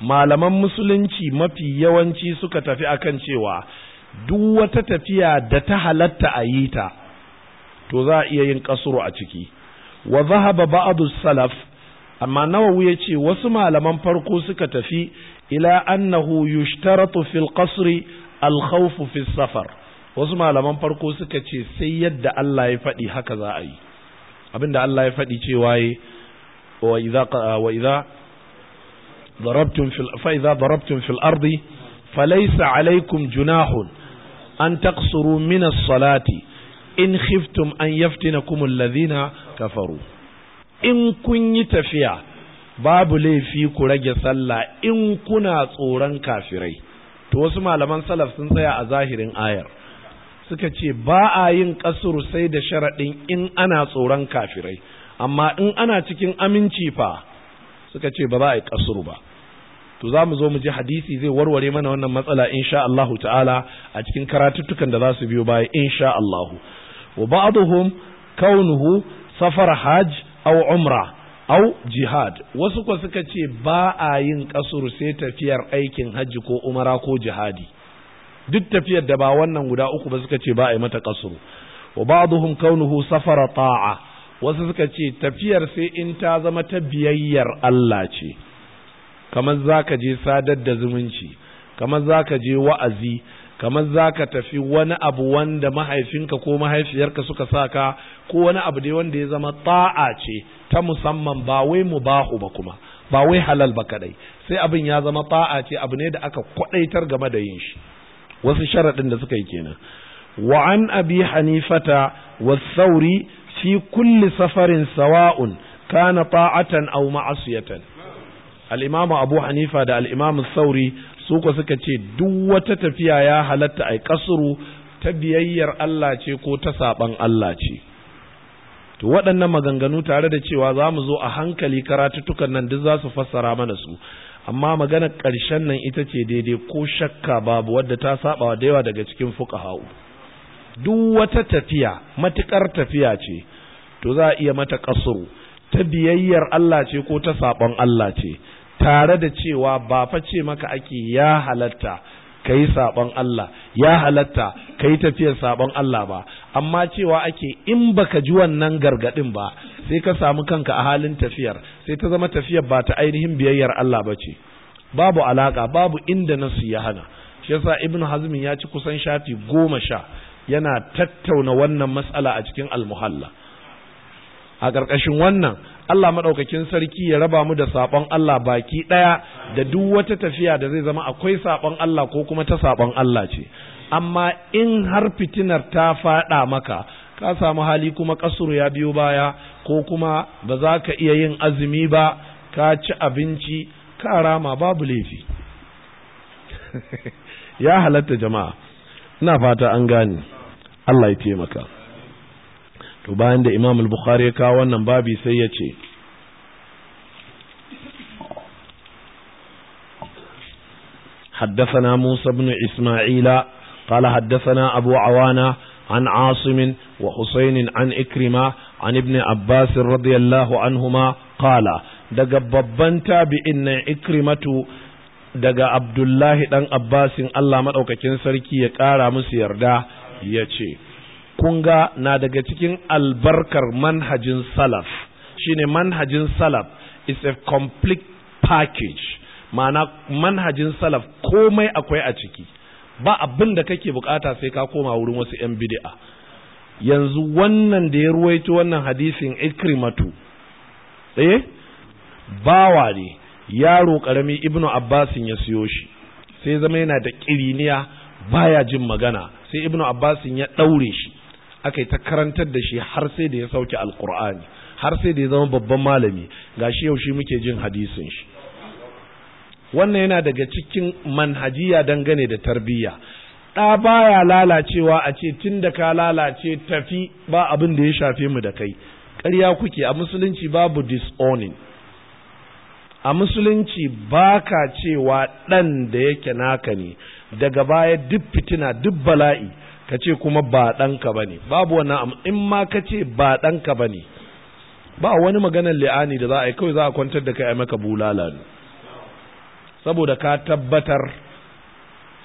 malaman musulunci mafi yawanci suka tafi akan cewa duk wata tafiya da ta halatta a yi ta to za a iya yin kasuru a ciki wa zahaba ba'd salaf amma nawawi yace wasu malaman farko suka tafi ila annahu yushtaratu fil qasri al-khawf fi safar wasu malaman farko suka ce sai yadda Allah ya faɗi haka za a yi abinda Allah ya faɗi cewa yi wa idza wa idza darabtum fil fa idza darabtum junahun an taqsuru min salati in khiftum an yaftinakum alladhina kafaru in kun yi tafiya babu laifi ku rage sallah in kuna tsoron kafirai to wasu malaman salaf sun tsaya a zahirin ayar suka ce ba a yin kasuru sai da sharaɗin in ana tsoron kafirai amma in ana cikin aminci fa suka ce ba za a yi kasuru ba to za mu zo mu ji hadisi zai warware mana wannan matsala insha Allahu ta'ala a cikin karatuttukan da za su biyo baya insha Allahu wa ba'dhum kaunuhu safar hajj aw umra aw jihad wasu ko suka ce ba a yin kasuru sai tafiyar aikin hajji ko umara ko jihadi duk tafiyar da ba wannan guda uku ba suka ce ba a yi mata kasuru wa ba'dhum kaunuhu safara ta'a wasu suka ce tafiyar sai in ta zama ta biyayyar Allah ce kamar zaka je sadar da zumunci kamar zaka je wa'azi kamar zaka tafi wani abu wanda mahaifinka ko mahaifiyarka suka saka ko wani abu dai wanda ya zama ta'a ce ta musamman ba wai mubahu ba kuma ba wai halal ba kadai sai abin ya zama ta'a ce abu ne da aka kwadaitar game da yin shi wasu sharaɗin da suka yi kenan wa an abi hanifata wa sauri fi kulli safarin sawa'un kana ta'atan aw ma'asiyatan al-imamu abu hanifa da al-imamu sauri su ko suka ce duk wata tafiya ya halatta ai kasuru ta biyayyar Allah ce ko ta saban Allah ce to waɗannan maganganu tare da cewa za mu zo a hankali karatuttukan nan duk za su fassara mana su amma maganar ƙarshen nan ita ce daidai ko shakka babu wadda ta saɓa da yawa daga cikin fuka hau. duk wata tafiya matuƙar tafiya ce to za a iya mata ƙasuru ta biyayyar Allah ce ko ta saɓon Allah ce tare da cewa ba fa ce maka ake ya halatta ka yi saɓon Allah ya halatta ka yi tafiyar saɓon Allah ba amma cewa ake in baka ji wannan gargaɗin ba sai ka samu kanka a halin tafiyar sai ta zama tafiyar ba ta ainihin biyayyar Allah ba ce babu alaƙa babu inda nasu ya hana shi yasa ibn hazm ya ci kusan shafi goma sha yana tattauna wannan matsala a cikin almuhalla a ƙarƙashin wannan Allah maɗaukakin sarki ya raba mu da saɓon Allah baki ɗaya da duk wata tafiya da zai zama akwai saɓon Allah ko kuma ta saɓon Allah ce amma in har fitinar ta faɗa maka ka samu hali kuma ƙasuru ya biyo baya ko kuma ba za ka iya yin azumi ba ka ci abinci ka rama babu laifi ya halatta jama'a ina fata an gane Allah ya taimaka to bayan da imam al-bukhari ya kawo wannan babi sai ya ce حدثنا موسى بن إسماعيل قال حدثنا أبو عوانة عن عاصم وحسين عن إكرمة عن ابن عباس رضي الله عنهما قال دق ببنتا بإن إكرمة دق عبد الله دن عباس الله مدعوك كنسركي يقارى مسير دا يتشي kun ga na daga cikin albarkar manhajin salaf shine manhajin salaf is a complete package ma'ana manhajin salaf komai akwai a ciki ba abin da kake bukata sai ka koma wurin wasu 'yan bid'a yanzu wannan da ya ruwaito wannan hadisin ikrimatu eh bawa ne yaro karami ibnu abbasin ya siyo shi sai zama yana da kiriniya baya jin magana sai ibnu abbasin ya daure shi aka yi ta karantar da shi har sai da ya sauke alkur'ani har sai da ya zama babban malami ga shi yaushe muke jin hadisin shi wannan yana daga cikin manhajiya dangane da tarbiyya ɗa baya lalacewa a ce tun da ka lalace tafi ba abin da ya shafe mu da kai ƙarya kuke a musulunci babu disowning a musulunci baka cewa ɗan da yake naka ne daga baya duk fitina duk bala'i ka ce kuma ba ɗanka ba ne babu wannan in ma ka ce ba ɗanka ba ne ba wani maganar li'ani da za a yi kawai za a kwantar da kai a maka bulala ne saboda ka tabbatar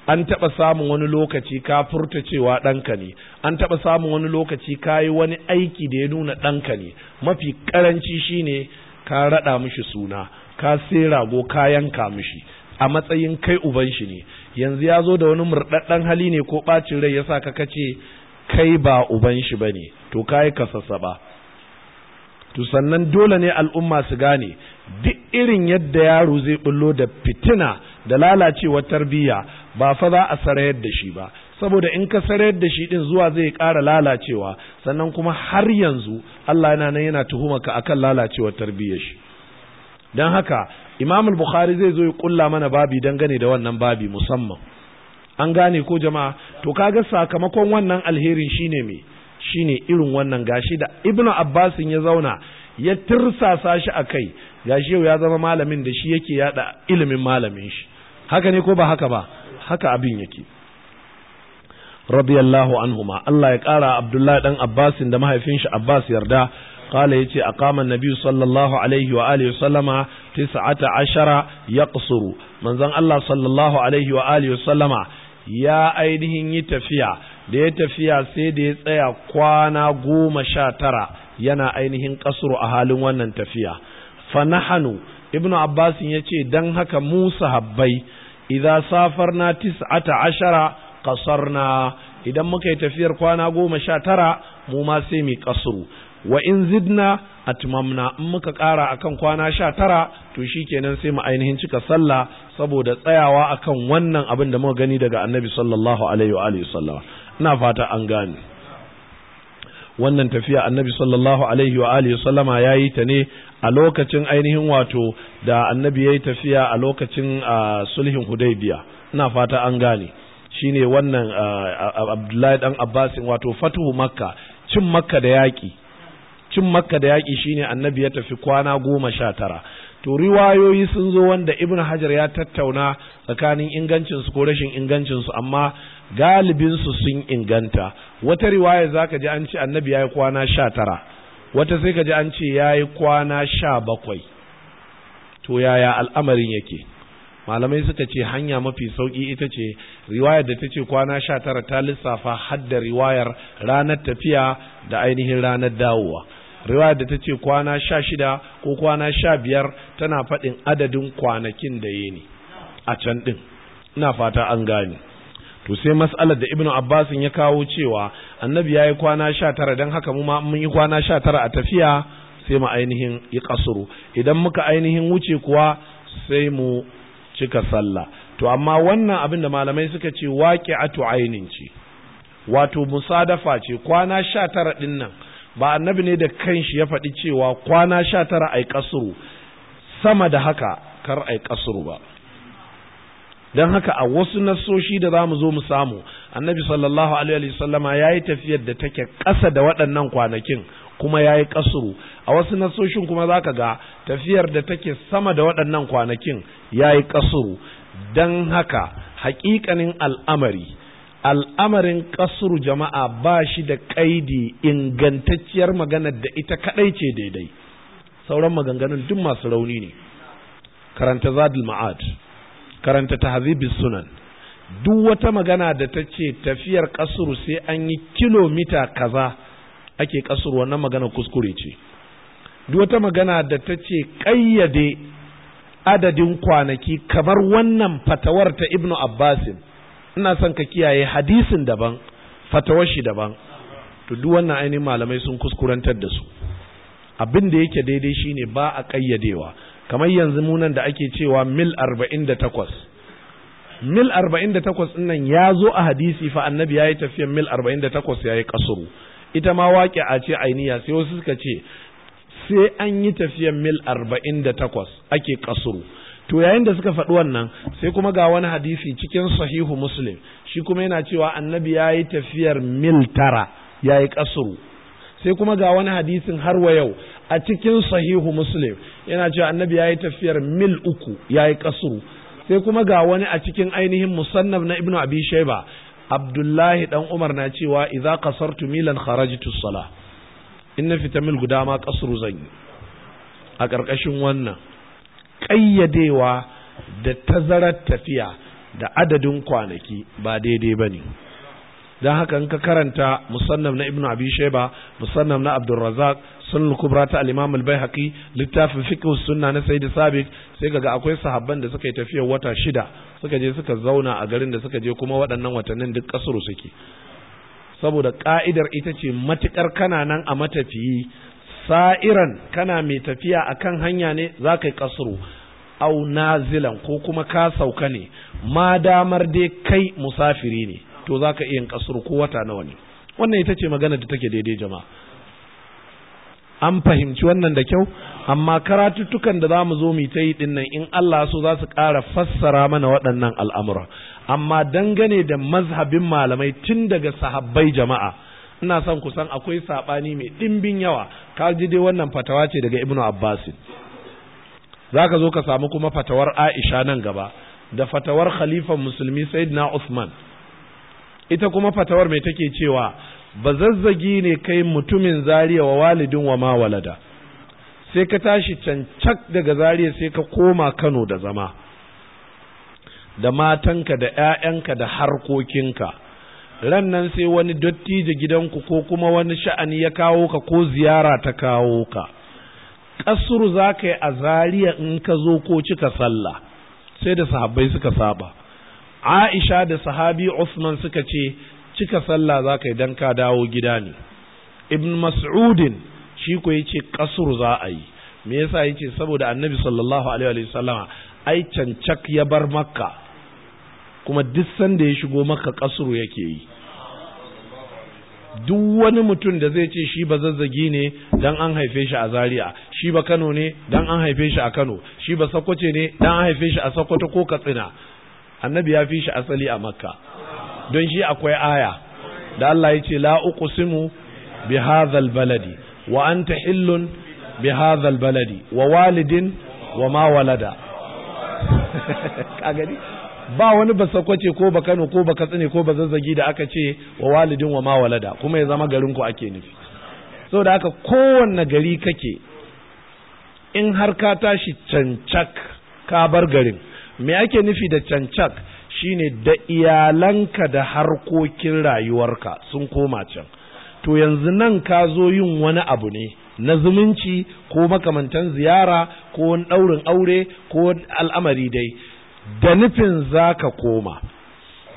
an taɓa samun wani lokaci ka furta cewa ɗanka ne an taɓa samun wani lokaci ka yi wani aiki da ya nuna ɗanka ne mafi ƙaranci shine ka raɗa mishi suna ka sai rago ka yanka mishi a matsayin kai uban shi ne yanzu ya zo da wani murɗaɗɗen hali ne ko ɓacin rai ya sa ka kace kai ba uban shi ba ne to ka yi to sannan dole ne al'umma su gane duk irin yadda yaro zai bullo da fitina da lalacewar tarbiyya ba fa za a sarayar da shi ba saboda in ka sarayar da shi din zuwa zai ƙara lalacewa sannan kuma har yanzu Allah yana nan yana tuhumaka akan lalacewar tarbiyyar shi don haka imam bukhari zai zo ya kulla mana babi dangane da wannan babi musamman an gane ko jama'a to kaga sakamakon wannan alherin shine me shine irin wannan gashi da ibnu abbasin ya zauna ya tirsasa shi a kai gashi yau ya zama malamin da shi yake yada ilimin malamin shi haka ne ko ba haka ba haka abin yake radiyallahu anhuma Allah ya kara Abdullahi dan Abbasin da mahaifin shi Abbas yarda qala yace aqama an-nabi sallallahu alaihi wa alihi sallama 19 yaqsuru manzon Allah sallallahu alaihi wa alihi ya ainihin yi tafiya da ya tafiya sai da ya tsaya kwana goma sha tara yana ainihin kasuru a halin wannan tafiya fanahanu ibnu abbas ya ce don haka mu sahabbai idan safarna tis'ata ashara kasarna idan muka yi tafiyar kwana goma sha tara mu ma sai mu kasuru wa in zidna atmamna in muka ƙara akan kwana sha tara to shikenan sai mu ainihin cika sallah saboda tsayawa akan wannan abin da muka gani daga annabi sallallahu alaihi wa alihi sallama ina fata an gane wannan tafiya annabi sallallahu alaihi wa alihi sallama yayi ta ne a lokacin ainihin wato da annabi yayi tafiya a lokacin sulhin hudaybiya ina fata an gane shine wannan Abdullahi dan Abbasin wato fatuhu makka cin makka da yaƙi cin makka da yaƙi shine annabi ya tafi kwana goma sha tara to riwayoyi sun zo wanda ibn hajar ya tattauna tsakanin ingancinsu ko rashin ingancinsu amma galibinsu sun inganta wata riwaya za ka ji an ce annabi ya yi kwana sha tara wata sai ka ji an ce ya yi kwana sha bakwai to yaya al'amarin yake malamai suka ce hanya mafi sauƙi ita ce riwayar da ta ce kwana sha tara ta lissafa hadda riwayar ranar tafiya da ainihin ranar dawowa riwaya da ta ce kwana sha shida ko kwana sha biyar tana faɗin adadin kwanakin da ya ne a can ɗin ina fata an gani to sai mas'alar da ibnu abbasin ya kawo cewa annabi ya yi kwana sha tara don haka mu ma mun yi kwana sha tara a tafiya sai mu ainihin yi kasuru idan muka ainihin wuce kuwa sai mu cika sallah to amma wannan abin da malamai suka ce waƙi'atu ainin ce wato musadafa ce kwana sha tara ɗin nan ba annabi ne da kanshi ya faɗi cewa kwana sha tara ai kasuru sama da haka kar ai kasuru ba don haka a wasu nasoshi da za mu zo mu samu annabi sallallahu alaihi sallama ya yi tafiyar da take ƙasa da waɗannan kwanakin kuma ya yi ƙasuru a wasu nasoshin kuma za ka ga tafiyar da take sama da waɗannan kwanakin ya yi ƙasuru don haka haƙiƙanin al'amari al'amarin kasuru jama'a ba shi da ƙaidi ingantacciyar magana da ita kadai ce daidai sauran maganganun duk masu rauni ne karanta zadul ma'ad karanta tahzibis sunan duk wata magana da ta ce tafiyar kasuru sai an yi kilomita kaza ake kasuru wannan magana kuskure ce duk wata magana da ta ce ƙayyade adadin kwanaki kamar wannan fatawar ta ibnu abbasin ina son ka kiyaye hadisin daban fatawar shi daban to duk wannan ainihin malamai sun kuskurantar da su abin da yake daidai shine ba a ƙayyadewa kamar yanzu munan da ake cewa mil arba'in da takwas mil arba'in da takwas nan ya zo a hadisi fa annabi ya yi tafiyan mil arba'in da takwas ya yi kasuru ita ma waƙi a ce ainiya sai wasu suka ce sai an yi tafiyan mil arba'in da takwas ake ƙasuru. to yayin da suka faɗi wannan sai kuma ga wani hadisi cikin sahihu muslim shi kuma yana cewa annabi ya yi tafiyar mil tara ya yi ƙasuru sai kuma ga wani hadisin har wa yau a cikin sahihu muslim yana cewa annabi ya yi tafiyar mil uku ya yi ƙasuru sai kuma ga wani a cikin ainihin musannaf na ibnu abi shaiba abdullahi dan umar na cewa idza qasartu milan kharajtu salah in na fita mil guda ma ƙasuru zan yi a ƙarƙashin wannan ƙayyadewa da tazarar tafiya da adadin kwanaki ba daidai ba ne don haka in ka karanta musannam na ibnu abi shaiba musannam na abdulrazak Sun kubra ta al'imam albai haƙi littafin fikin sunna na sayyid sabit sai gaga akwai sahabban da suka yi tafiya wata shida suka je suka zauna a garin da suka je kuma waɗannan watannin duk kasuru suke saboda ka'idar ita ce matuƙar kana nan a matafiyi sa'iran kana mai tafiya akan hanya ne za ka yi kasuru au nazilan ko kuma ka sauka ne ma damar dai kai musafiri ne to za ka iya kasuru ko wata nawa ne wannan ita ce magana da take daidai jama'a an fahimci wannan da kyau amma karatuttukan da za mu zo mu ta yi dinnan in Allah so za su ƙara fassara mana waɗannan al'amura amma dangane da mazhabin malamai tun daga sahabbai jama'a ina son ku san akwai sabani mai dimbin yawa ka ji dai wannan fatawa ce daga ibnu abbas zaka zo ka samu kuma fatawar aisha nan gaba da fatawar khalifan musulmi sayyidina usman ita kuma fatawar mai take cewa bazazzagi ne kai mutumin zariya wa walidin wa ma walada sai ka tashi cancak daga zariya sai ka koma kano da zama da matanka da ‘ya'yanka da harkokinka rannan sai wani dattijo gidanku ko kuma wani sha'ani ya kawo ka ko ziyara ta kawo ka kasuru za ka yi a zariya in ka zo ko cika sallah sai da sahabbai suka saba aisha da sahabi usman suka ce cika sallah za ka yi don ka dawo gida ne ibn mas'udin shi ko ya ce kasuru za a yi me yasa yace saboda annabi sallallahu alaihi wasallama ai cancak ya bar makka kuma duk sanda ya shigo maka kasuru yake yi duk wani mutum da zai ce shi ba zazzagi ne dan an haife shi a Zaria shi ba Kano ne dan an haife shi a Kano shi ba Sokoto ne dan an haife shi a Sokoto ko Katsina annabi ya fi shi asali a Makka don shi akwai aya da Allah ya ce la uqsimu bi hadhal baladi wa anta hillun bi hadhal baladi wa walidin wa ma walada ka gani ba wani ba sakwace ko ba kano ko ba katsine ko ba zazzagi da aka ce wa walidin wa ma walada kuma ya zama garin ku ake nufi saboda haka kowanne gari kake in har ka tashi cancak ka bar garin me ake nufi da cancak shine da iyalanka da harkokin rayuwarka sun koma can to yanzu nan ka zo yin wani abu ne na zumunci ko makamantan ziyara ko wani ɗaurin aure ko al'amari dai da nufin za ka koma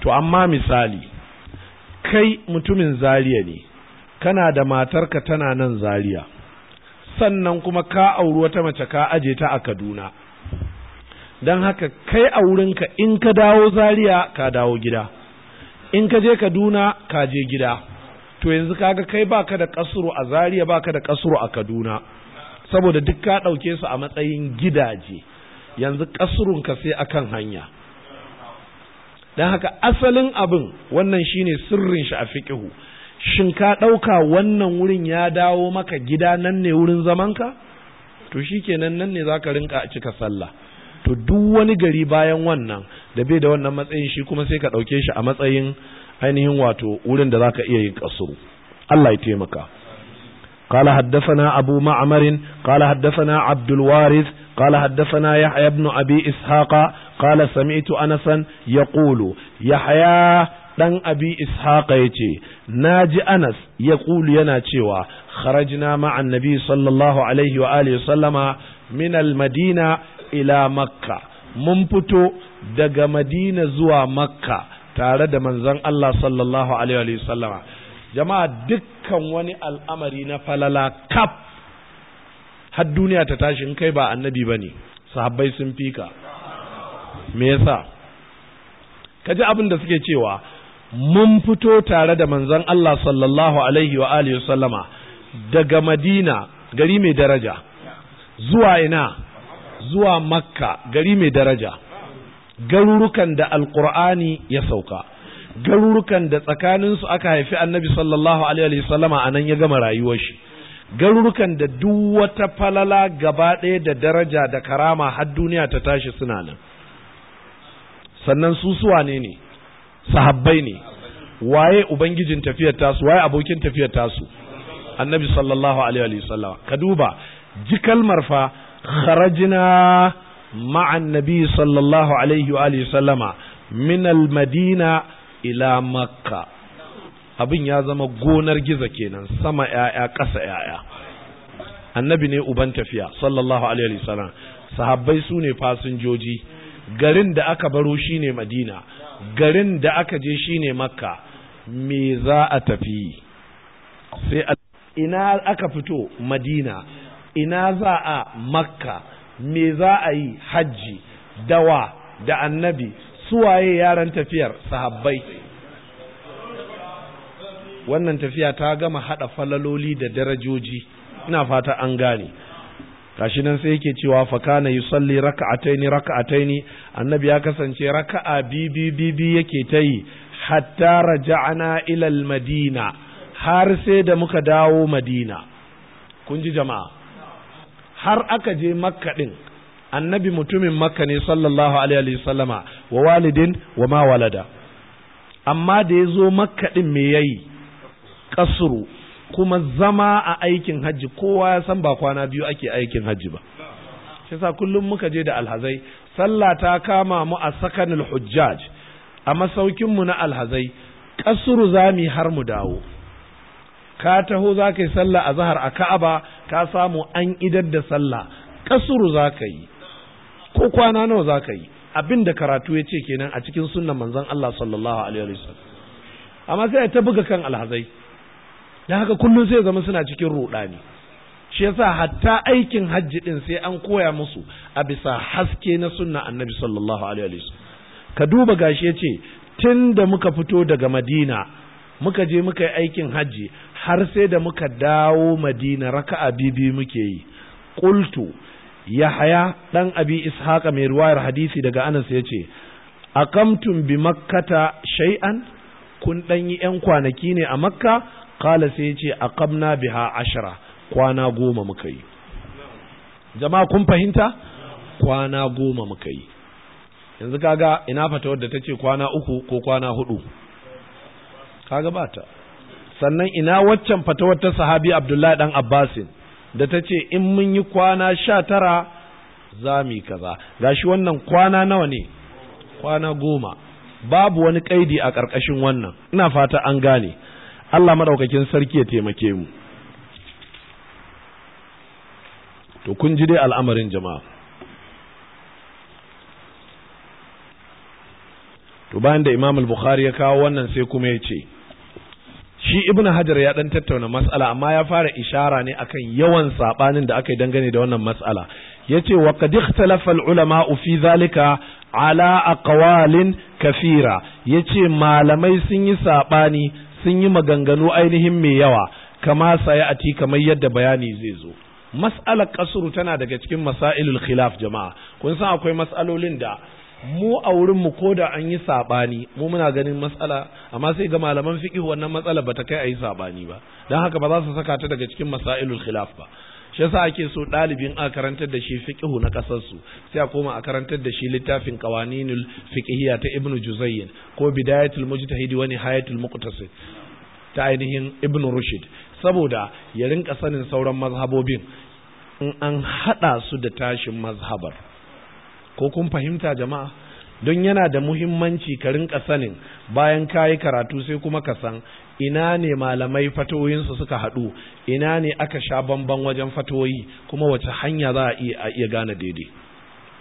to amma misali kai mutumin zariya ne kana da matarka tana nan zariya sannan kuma ka auri wata mace ka aje ta a kaduna don haka kai a wurinka in ka dawo zariya ka dawo gida in ka je kaduna ka je gida to yanzu kaga kai baka da kasuru a zariya baka da kasuru a kaduna saboda duk ka ɗauke su a matsayin gidaje yanzu ka sai akan hanya don haka asalin abin wannan shine sirrin shi a fiƙihu shin ka ɗauka wannan wurin ya dawo maka gida nan ne wurin zamanka to shikenan nan ne za ka rinka a cika sallah to duk wani gari bayan wannan da bai da wannan matsayin shi kuma sai ka ɗauke shi a matsayin ainihin wato wurin da za ka iya yin kasuru Allah ya taimaka قال حدثنا أبو معمر قال حدثنا عبد الوارث haddasa na حدثنا يحيى بن أبي إسحاق anasan سمعت أنسا يقول يحيى dan ya ce. Na ji anas ya kulu yana cewa kharajna ma annabi sallallahu alaihi wa alihi sallama min almadina ila makka mun fito daga madina zuwa makka tare da manzon Allah sallallahu alaihi wa sallama jama'a dukkan wani al'amari na falala kaf har duniya ta tashi in kai ba annabi ba ne sahabbai sun fi ka me yasa ka ji abin da suke cewa mun fito tare da manzon Allah sallallahu alaihi wa alihi sallama daga Madina gari mai daraja zuwa ina zuwa Makka gari mai daraja garurukan da Alƙur'ani ya sauka garurukan da tsakaninsu aka haifi annabi sallallahu alaihi wa sallama anan ya gama rayuwar shi garurukan da duk wata falala gaba ɗaya da daraja da karama har duniya ta tashi suna nan sannan susuwa ne ne sahabbai ne waye ubangijin tafiyar tasu waye abokin tafiyar tasu annabi sallallahu alaihi wa sallam ka duba ji kalmar fa kharajna ma'an nabi sallallahu alaihi wa sallama min al-madina ila makka abin ya zama gonar giza kenan sama ‘ya'ya ƙasa ‘ya'ya annabi ne uban tafiya sallallahu alaihi wasallam sahabbai su ne fasinjoji garin da aka baro shine madina garin da aka je shine makka me za a tafi sai ina aka fito madina ina za a makka me za a yi hajji dawa da annabi suwaye yaran tafiyar sahabbai wannan tafiya ta gama hada falaloli da darajoji ina fata an gane gashi nan sai yake cewa fa kana yusalli raka'ataini raka'ataini annabi ya kasance raka'a bibi bibi yake ta yi hatta raja'ana ila madina har sai da muka dawo madina kun ji jama'a har aka je makka din annabi mutumin makka ne sallallahu alaihi wa sallama wa walidin wa ma walada amma da ya zo makka din me yayi kasru kuma zama a aikin hajji kowa ya san ba kwana biyu ake aikin hajji ba shi sa kullum muka je da alhazai sallah ta kama mu a sakanil hujjaj a masaukin mu na alhazai kasuru zami har mu dawo ka taho za yi sallah a zahar a ka'aba ka samu an idar da sallah kasuru za yi ko kwana nawa za ka yi abin da karatu ya ce kenan a cikin sunnan manzon Allah sallallahu alaihi wasallam amma sai ta buga kan alhazai da haka kullum sai zama suna cikin ruɗani shi yasa hatta aikin hajji din sai an koya musu a bisa haske na sunna annabi sallallahu alaihi wasallam ka duba gashi yace tun da muka fito daga madina muka je muka yi aikin hajji har sai da muka dawo madina raka'a bibi muke yi qultu yahya dan abi ishaqa mai ruwayar hadisi daga anas yace akamtum bi makkata shay'an kun dan yi yan kwanaki ne a makka kala sai a kamna biha ashira, kwana goma muka yi jama'a kun fahimta kwana goma muka yi yanzu kaga ina fata wadda ce kwana uku ko kwana hudu kaga bata sannan ina waccan fatawar ta sahabi Abdullahi dan Abbasin da ta ce in mun yi kwana sha tara za mu kaza gashi wannan kwana nawa ne kwana goma babu wani kaidi a ƙarƙashin wannan ina fata an gane Allah maɗaukakin sarki ya taimake mu to kun ji dai al'amarin jama'a to bayan da imam al-bukhari ya kawo wannan sai kuma ya ce shi ibnu hajar ya dan tattauna mas'ala amma ya fara ishara ne akan yawan sabanin da aka yi dangane da wannan mas'ala yace wa qad ikhtalafa al-ulama fi zalika ala aqwalin kafira yace malamai sun yi sabani sun yi maganganu ainihin mai yawa kama saya ti kamar yadda bayani zai zo mas'alar kasuru tana daga cikin masailul khilaf jama'a kun san akwai mas'alolin da mu a wurin mu ko da an yi sabani mu muna ganin mas'ala amma sai ga malaman fiqh wannan matsala bata kai ayi yi sabani ba dan haka ba za su saka ta daga cikin masailul khilaf ba shi yasa ake so ɗalibin a karantar da shi fiqhu na ƙasarsu su sai a koma a karantar da shi littafin qawaninul fiqhiyya ta ibnu juzayyin ko bidayatul mujtahid wa nihayatul muqtasid ta ainihin ibnu rushd saboda ya rinka sanin sauran mazhabobin in an hada su da tashin mazhabar ko kun fahimta jama'a don yana da muhimmanci ka rinka sanin bayan kayi karatu sai kuma ka san ina ne malamai fatoyinsu suka haɗu ina ne aka sha bamban wajen fatoyi kuma wace hanya za a iya gane daidai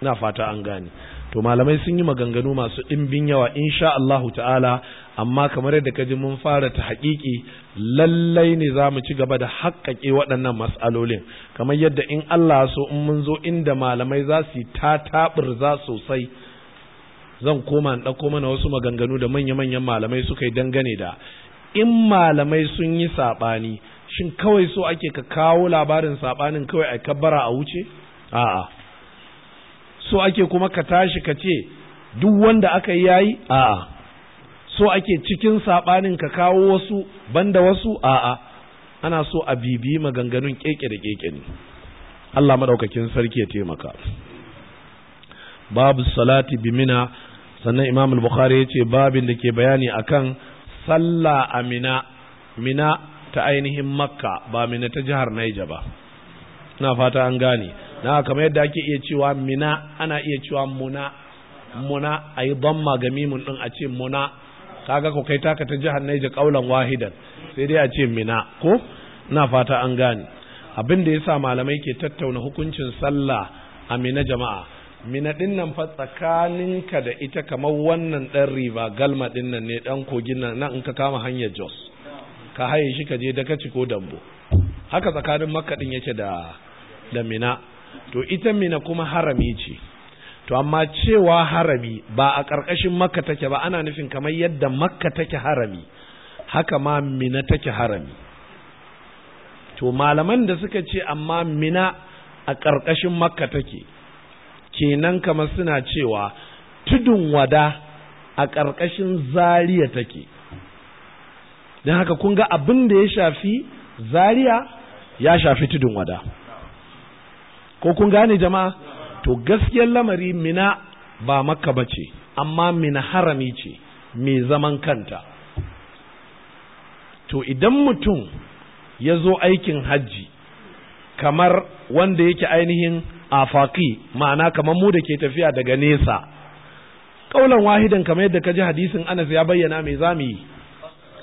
ina fata an gane to malamai sun yi maganganu masu ɗimbin yawa insha Allahu ta'ala amma kamar yadda kaji mun fara ta haƙiƙi lallai ne za mu ci gaba da haƙƙaƙe waɗannan mas'alolin. kamar yadda in Allah so in mun zo inda malamai za su yi ta taɓurza sosai zan koma in ɗauko mana wasu maganganu da manya-manyan malamai suka yi dangane da in malamai sun yi saɓani shin kawai so ake ka kawo labarin saɓanin kawai a kabbara a wuce a'a so ake kuma ka tashi ka ce duk wanda aka yi yayi a'a so ake cikin saɓanin ka kawo wasu banda wasu a'a ana so a bibi maganganun keke da keke ne Allah madaukakin sarki ya taimaka babu salati bimina sannan imam al-bukhari ya ce babin da ke bayani akan sallah a mina mina ta ainihin makka ba mina ta jihar naija ba ina fata an gani. na kamar yadda ake iya cewa mina ana iya cewa muna muna a yi ban mimun din a ce muna kaga ko kai taka ta jihar naija kaulan wahidan sai dai a ce mina ko ina fata an gani. abin da yasa malamai ke tattauna hukuncin sallah a mina jama'a mina dinnan fa tsakaninka da ita kamar wannan ɗan riba galma dinnan ne ɗan kogin nan nan in ka kama hanyar jos ka haye shi ka je da ka ko dambo haka tsakanin makka din yake da da mina to ita mina kuma harami ce to amma cewa harami ba a ƙarƙashin makka take ba ana nufin kamar yadda makka take harami haka ma mina take harami to malaman da suka ce amma mina a ƙarƙashin makka take kenan kamar suna cewa tudun wada a ƙarƙashin zariya take don haka kun ga abin da ya shafi zariya ya shafi tudun wada ko kun gane jama'a to gaskiyar lamari mina ba makka ba ce amma mina harami ce mai zaman kanta to idan mutum ya zo aikin hajji kamar wanda yake ainihin afaki ma'ana kamar mu da ke tafiya daga nesa kaulan wahidan kamar yadda ka ji hadisin Anas ya bayyana mai zami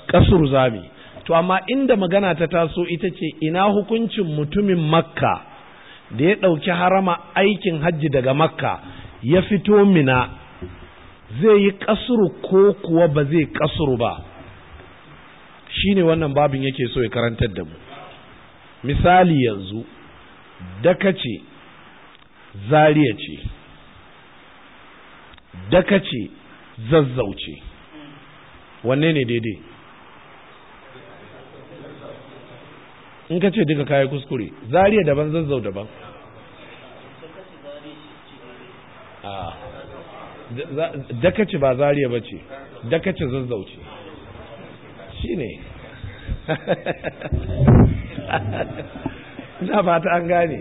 kasur zami to amma inda magana ta taso ita ce ina hukuncin mutumin makka da ya ɗauki harama aikin hajji daga makka ya fito mina zai yi kasuru ko kuwa ba zai kasuru ba Shi ne wannan babin yake so ya karantar da mu misali yanzu daka ce zariya ce daka ce zazzauce wanne ne daidai in ka ce duka kayan kuskure zariya daban zazzau daban ah, dakaci ba zariya ba ce dakaci zazzau ce shi ne na fata an gane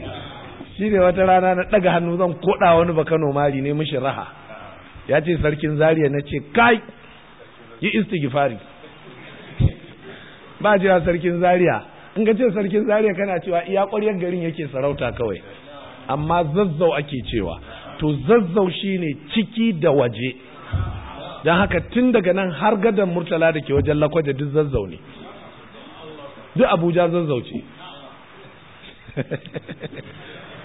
shi ne wata rana na ɗaga hannu zan koɗa wani baka mari ne mishi raha ya ce sarkin zariya na ce kai yi istigifari ba cewa sarkin zariya in ka ce sarkin zariya kana cewa iya ƙwaryar garin yake sarauta kawai amma zazzau ake cewa to zazzau shi ne ciki da waje don haka tun daga nan har gadon murtala da ke wajen lakwaje duk zazzau ne duk abuja zauce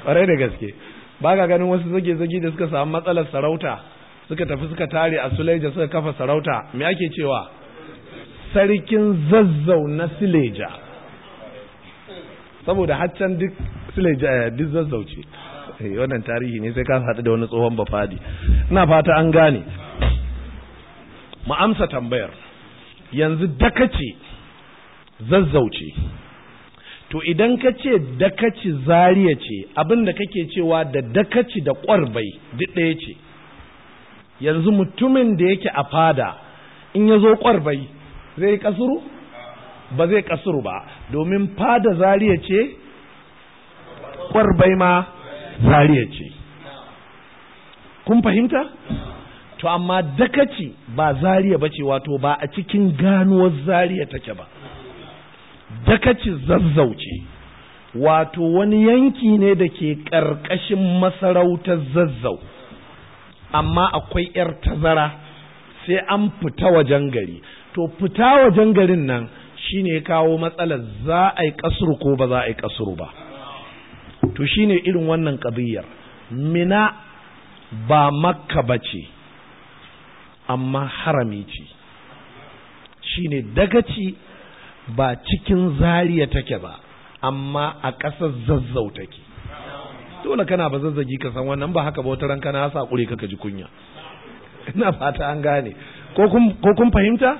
ƙwarai da gaske ba ga ganin wasu zage-zage da suka samu matsalar sarauta suka tafi suka tare a suleja suka kafa sarauta me ake cewa sarkin zazzau na Suleja. saboda haccan duk Suleja ya eh, duk zazzauce eh, wannan tarihi ne sai ka haɗu da wani tsohon bafadi ina fata an gane mu amsa tambayar yanzu dakace zazzauce to idan ka ce dakaci zariya ce abinda da kake cewa da dakaci da ƙwarbai duk ɗaya ce yanzu mutumin da yake a fada in ya zo ƙwarbai zai kasuru ba zai kasuru ba domin fada zariya ce ƙwarbai ma zariya ce kun fahimta to amma dakaci ba zariya ba ce wato ba a cikin ganuwar zariya take ba dakaci zazzauce wato wani yanki ne da ke ƙarƙashin masarautar zazzau amma akwai 'yar tazara sai an fita wajen gari to fita wajen garin nan shine ya kawo matsalar za a yi kasuru ko ba za a yi kasuru ba to shine irin wannan ƙabiyar mina ba makka ba ce amma harami ce shine dagaci ba cikin zariya take ba amma a ƙasar zazzau take dole kana ba zazzagi ka san wannan ba haka ba wata ranka na sa kure ka ji kunya ina fata an gane ko kun fahimta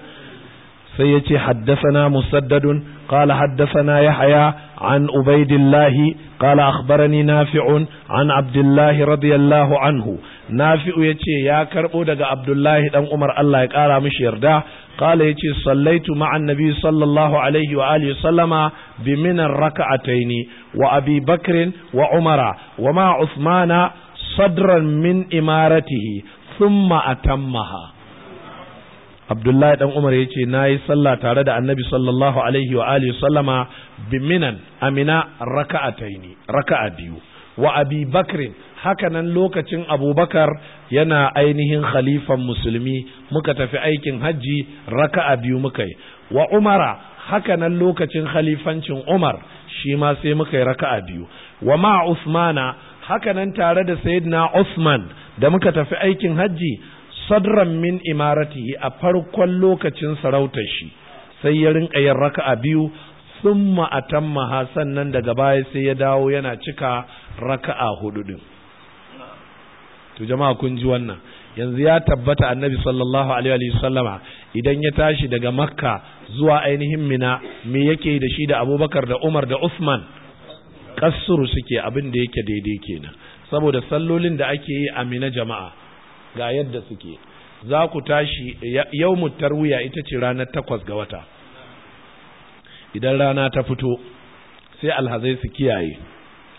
sai ya ce haddasana musaddadun qala haddasana yahya an ubaidillah qala akhbarani nafi'un an abdullahi radiyallahu anhu nafi'u yace ya karbo daga abdullahi dan umar Allah ya kara mishi yarda qala yace sallaitu ma'an nabi sallallahu alaihi wa alihi sallama bi min rak'ataini wa abi bakr wa umara wa ma usmana sadran min imaratihi thumma atammaha Abdullahi dan Umar yace nayi sallah tare da Annabi sallallahu alaihi wa alihi sallama bi minan amina raka'ataini raka'a biyu wa abi hakanan lokacin abubakar yana ainihin khalifan musulmi muka tafi aikin hajji raka'a biyu muka yi wa umara hakanan lokacin khalifancin umar shi ma sai muka yi raka'a biyu wa ma usmana hakanan tare da sayyidina usman da muka tafi aikin hajji sadran min imarati a farkon lokacin sarautar shi sai ya rinka yin raka'a biyu summa atammaha sannan daga baya sai ya dawo yana cika raka'a hudu din to jama'a kun ji wannan yanzu ya tabbata annabi sallallahu alaihi wasallama idan ya tashi daga makka zuwa ainihin mina me yake da shi da abubakar da umar da usman kassuru suke abin da yake daidai kenan saboda sallolin da ake yi a mina jama'a ga yadda suke za ku tashi yau tarwiya ita ce ranar takwas ga wata idan rana ta fito sai alhazai su kiyaye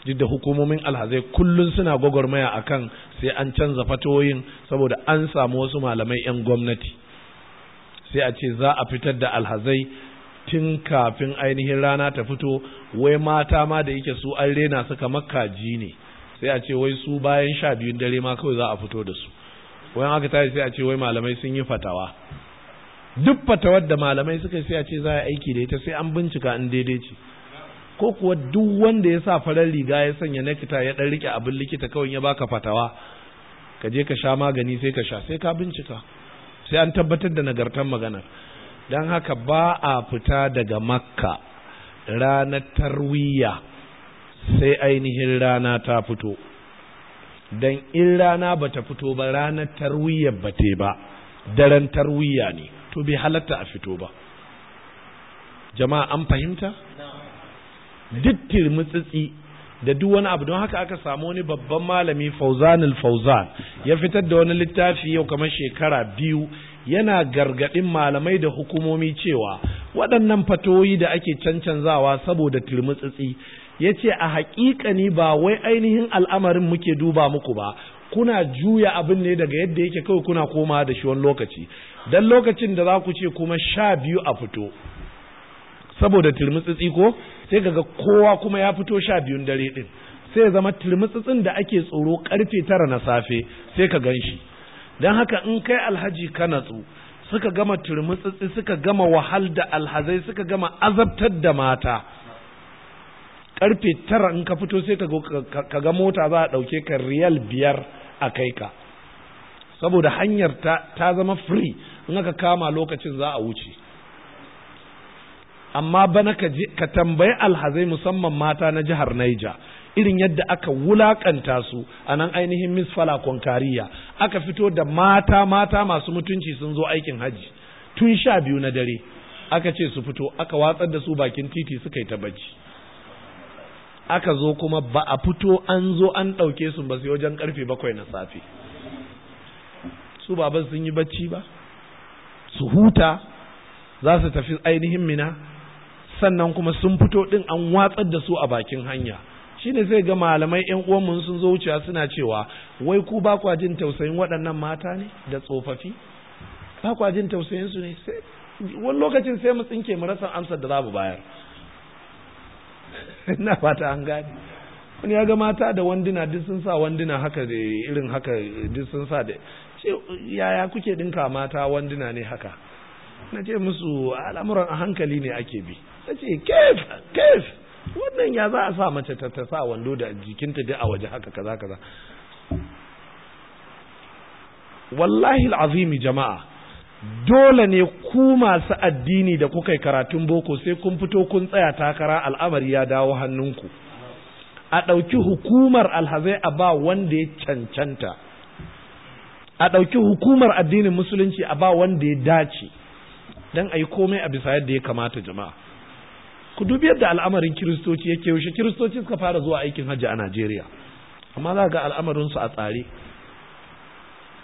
duk da hukumomin alhazai kullum suna gwagwarmaya akan sai an canza fatoyin saboda an samu wasu malamai 'yan gwamnati sai a ce za a fitar da alhazai tun kafin ainihin rana ta fito wai mata ma da yake su an rena su kamar kaji ne sai a ce wai su bayan sha biyun dare ma kawai za a fito da su wayan aka tashi sai a ce wai malamai sun yi fatawa duk fatawar da malamai suka sai a ce za a aiki da ita sai an bincika an daidai ce ko kuwa duk wanda ya sa farar riga ya sanya nakita ya dan rike abin likita kawai ya baka fatawa ka je ka sha magani sai ka sha sai ka bincika sai an tabbatar da nagartar magana. don haka ba a fita daga makka ranar tarwiya sai ainihin rana ta fito don in rana ba ta fito ba ranar tarwiya ba te ba daren tarwiya ne to bai halatta a fito ba jama'a an fahimta? duk mutsitsi da duk wani abu don haka aka samu wani babban malami fauzanul fauzan ya fitar da wani littafi yau kamar shekara biyu yana gargaɗin malamai da hukumomi cewa waɗannan fatoyi da ake cancanzawa saboda tirmutsitsi ya ce a haƙiƙani ba wai ainihin al'amarin muke duba muku ba kuna juya abin ne daga yadda yake kawai kuna koma da shi wani lokaci don lokacin da za ku ce kuma sha biyu a fito saboda turmutsitsi ko sai kaga kowa kuma ya fito sha biyun dare din sai ya zama turmutsitsin da ake tsoro karfe tara na safe sai ka gan shi don haka in kai alhaji ka natsu suka gama turmutsitsi suka gama wahal da alhazai suka gama azabtar da mata karfe tara in ka fito sai ka ga mota za a ɗauke ka riyal biyar a kai ka saboda hanyar ta zama free in aka kama lokacin za a wuce amma bana ka ka tambayi alhazai musamman mata na jihar Niger irin yadda aka wulakanta su a nan ainihin Miss Falakon Kariya aka fito da mata mata masu mutunci sun zo aikin haji tun sha biyu na dare aka ce su fito aka watsar da su bakin titi suka yi ta bacci aka zo kuma ba a fito an zo an ɗauke su ba sai wajen karfe bakwai na safe su baban sun yi bacci ba su huta za su tafi ainihin mina sannan kuma sun fito din an watsar da su a bakin hanya shine zai ga malamai yan uwanmu sun zo wucewa suna cewa wai ku ba kwa jin tausayin waɗannan mata ne da tsofaffi ba kwa jin tausayin su ne wani lokacin sai mu tsinke mu rasa amsar da za mu bayar ina fata an gane wani ya ga mata da wanduna duk sun sa wanduna haka da irin haka duk sun sa da yaya kuke dinka mata wanduna ne haka na ce musu al'amuran a hankali ne ake bi na ce kef kef wannan ya za a sa mace ta ta sa wando da jikinta da a waje haka kaza kaza wallahi al'azimi jama'a dole ne ku masu addini da kuka yi karatun boko sai kun fito kun tsaya takara al'amari ya dawo hannunku a ɗauki hukumar alhazai a ba wanda ya cancanta a ɗauki hukumar addinin musulunci a ba wanda ya dace don a yi komai a bisa yadda ya kamata jama'a ku dubi yadda al'amarin kiristoci yake yaushe kiristoci suka fara zuwa aikin hajji a najeriya amma za ga al'amarinsu a tsare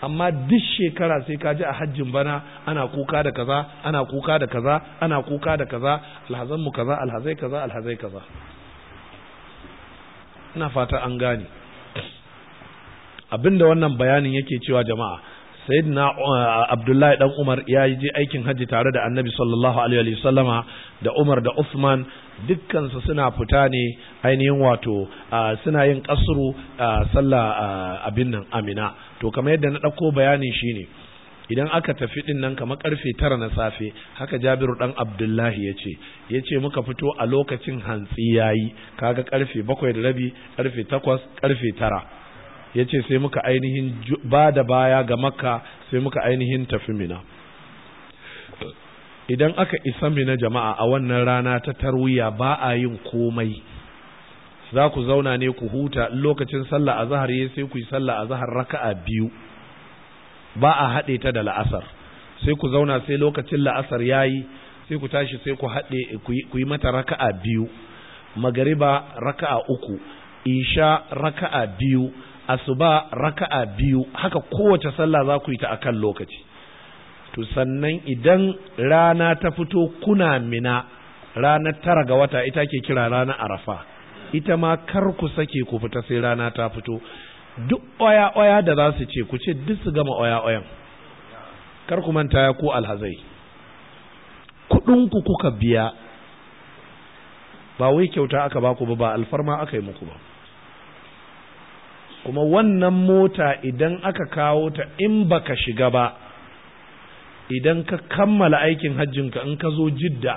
amma duk shekara sai ka ji a hajjin bana ana kuka da kaza ana kuka da kaza ana kuka da kaza alhazanmu kaza alhazai kaza alhazai kaza ina fata an gane abinda wannan bayanin yake cewa jama'a sayyidina uh, abdullahi dan umar ya yi je aikin hajji tare da annabi sallallahu alaihi wasallama da umar da usman dukkansu suna fita ne ainihin wato uh, suna yin kasru uh, sallah abin nan amina to kamar yadda na ɗauko bayani shine idan aka tafi din nan kamar karfe tara na safe haka jabiru dan abdullahi ya ce ya ce muka fito a lokacin hantsi yayi kaga karfe bakwai da rabi karfe takwas karfe tara ya ce sai muka ainihin ba da baya ga makka sai muka ainihin tafi mina idan aka isa mina jama'a a wannan rana ta tarwiya ba a yin komai za ku zauna ne ku huta lokacin sallah a zahar ya sai ku yi sallah a zahar raka'a biyu ba a haɗe ta da la'asar sai ku zauna sai lokacin la'asar ya yi sai ku tashi sai ku haɗe ku yi mata raka'a biyu magariba raka'a uku isha raka'a biyu asuba raka'a biyu haka kowace sallah za ku yi ta akan lokaci to sannan idan rana ta fito kuna mina ranar tara ga wata ita ke kira rana arafa ita ma kar ku sake ku fita sai rana ta fito duk oya-oya da za su ce ku ce duk su gama oya-oyan kar ku manta ya ku alhazai ku kuka biya ba wai kyauta aka baku ba ba alfarma aka yi muku ba kuma wannan mota idan aka kawo ta in baka shiga ba idan ka kammala aikin hajjinka in ka zo jidda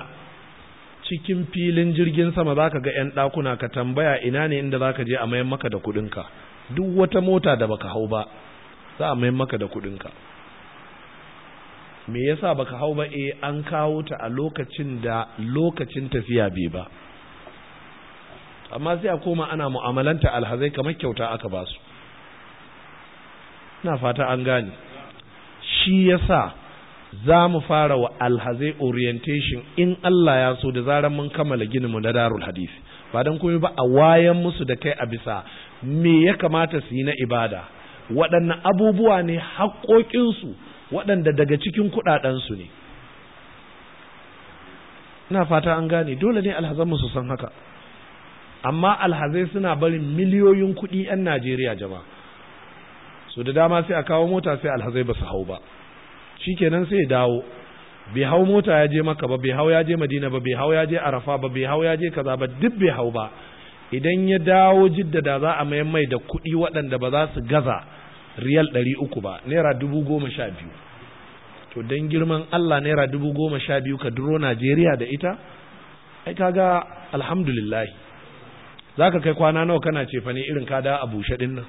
cikin filin jirgin sama za ka ga 'yan ɗakuna ka tambaya ina ne inda za ka je a mayan maka da kuɗinka duk wata mota da baka hau ba za a mayan maka da kuɗinka me yasa baka hau ba e, an kawo ta a lokacin da lokacin tafiya bai ba amma sai a koma ana mu'amalanta alhazai kamar kyauta aka ba su na fata an gane shi yasa za mu fara wa alhazai orientation in Allah ya so da zarar mun kammala mu na darul hadisi ba don komai ba a wayan musu da kai a bisa me ya kamata su yi na ibada waɗanne abubuwa ne haƙoƙinsu waɗanda daga cikin kuɗaɗensu ne ina fata an gane dole ne mu su san haka amma alhazai suna barin miliyoyin kuɗi 'yan najeriya jama. su da dama sai a kawo mota sai alhazai ba su hau ba shi kenan sai ya dawo bai hau mota ya je maka ba bai hau ya je madina ba bai hau ya je arafa ba bai hau ya je kaza ba duk bai hau ba idan ya dawo jidda da za a mayan mai da kuɗi waɗanda ba za su gaza riyal ɗari uku ba naira dubu goma sha biyu to don girman allah naira dubu goma sha biyu ka duro najeriya da ita ai kaga lillahi." za ka kai kwana nawa kana cefa ne irin kada a bushe ɗin nan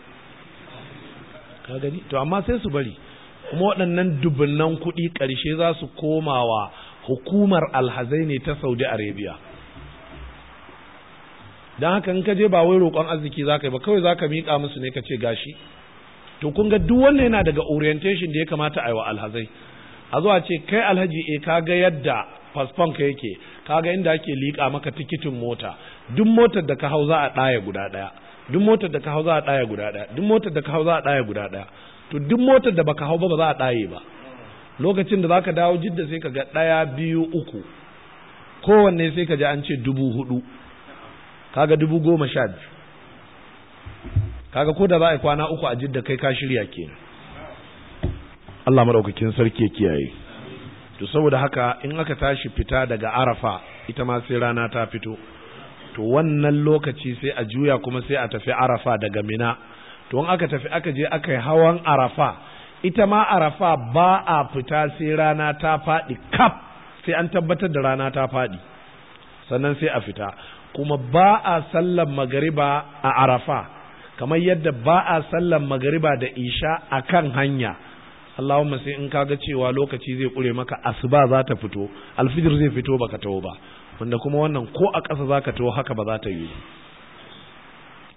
ka gani to amma sai su bari kuma waɗannan dubunan kuɗi ƙarshe za su komawa hukumar alhazai ne ta saudi arabia don haka in ka je ba wai roƙon arziki za ka yi ba kawai za ka miƙa musu ne ka ce gashi to kun ga duk wannan yana daga orientation da ya kamata a yi wa alhazai a zuwa ce kai alhaji e ka ga yadda fasfon ka yake kaga inda ake liƙa maka tikitin mota duk motar da ka hau za a ɗaya guda ɗaya duk motar da ka hau za a ɗaya guda ɗaya duk motar da ka hau za a ɗaya guda ɗaya to duk motar da baka hau ba ba za a ɗaye ba lokacin da zaka dawo jidda sai ka ga ɗaya biyu uku kowanne sai ka ji an ce dubu hudu kaga dubu goma sha biyu kaga ko da za a yi kwana uku a jidda kai ka shirya kenan Allah maɗaukakin sarki ya kiyaye. to saboda haka in aka tashi fita daga arafa ita ma sai rana ta fito to wannan lokaci sai a juya kuma sai a tafi arafa daga mina to in aka tafi aka je aka yi hawan arafa ita ma arafa ba a fita sai rana ta faɗi kaf sai an tabbatar da rana ta faɗi sannan sai a fita kuma ba a sallan magariba a arafa kamar yadda ba a sallan magariba da isha a kan hanya Allahumma sai in kaga cewa lokaci zai kure maka asuba za ta fito alfijir zai fito baka taho ba wanda kuma wannan ko a ƙasa za ka taho haka ba za ta yi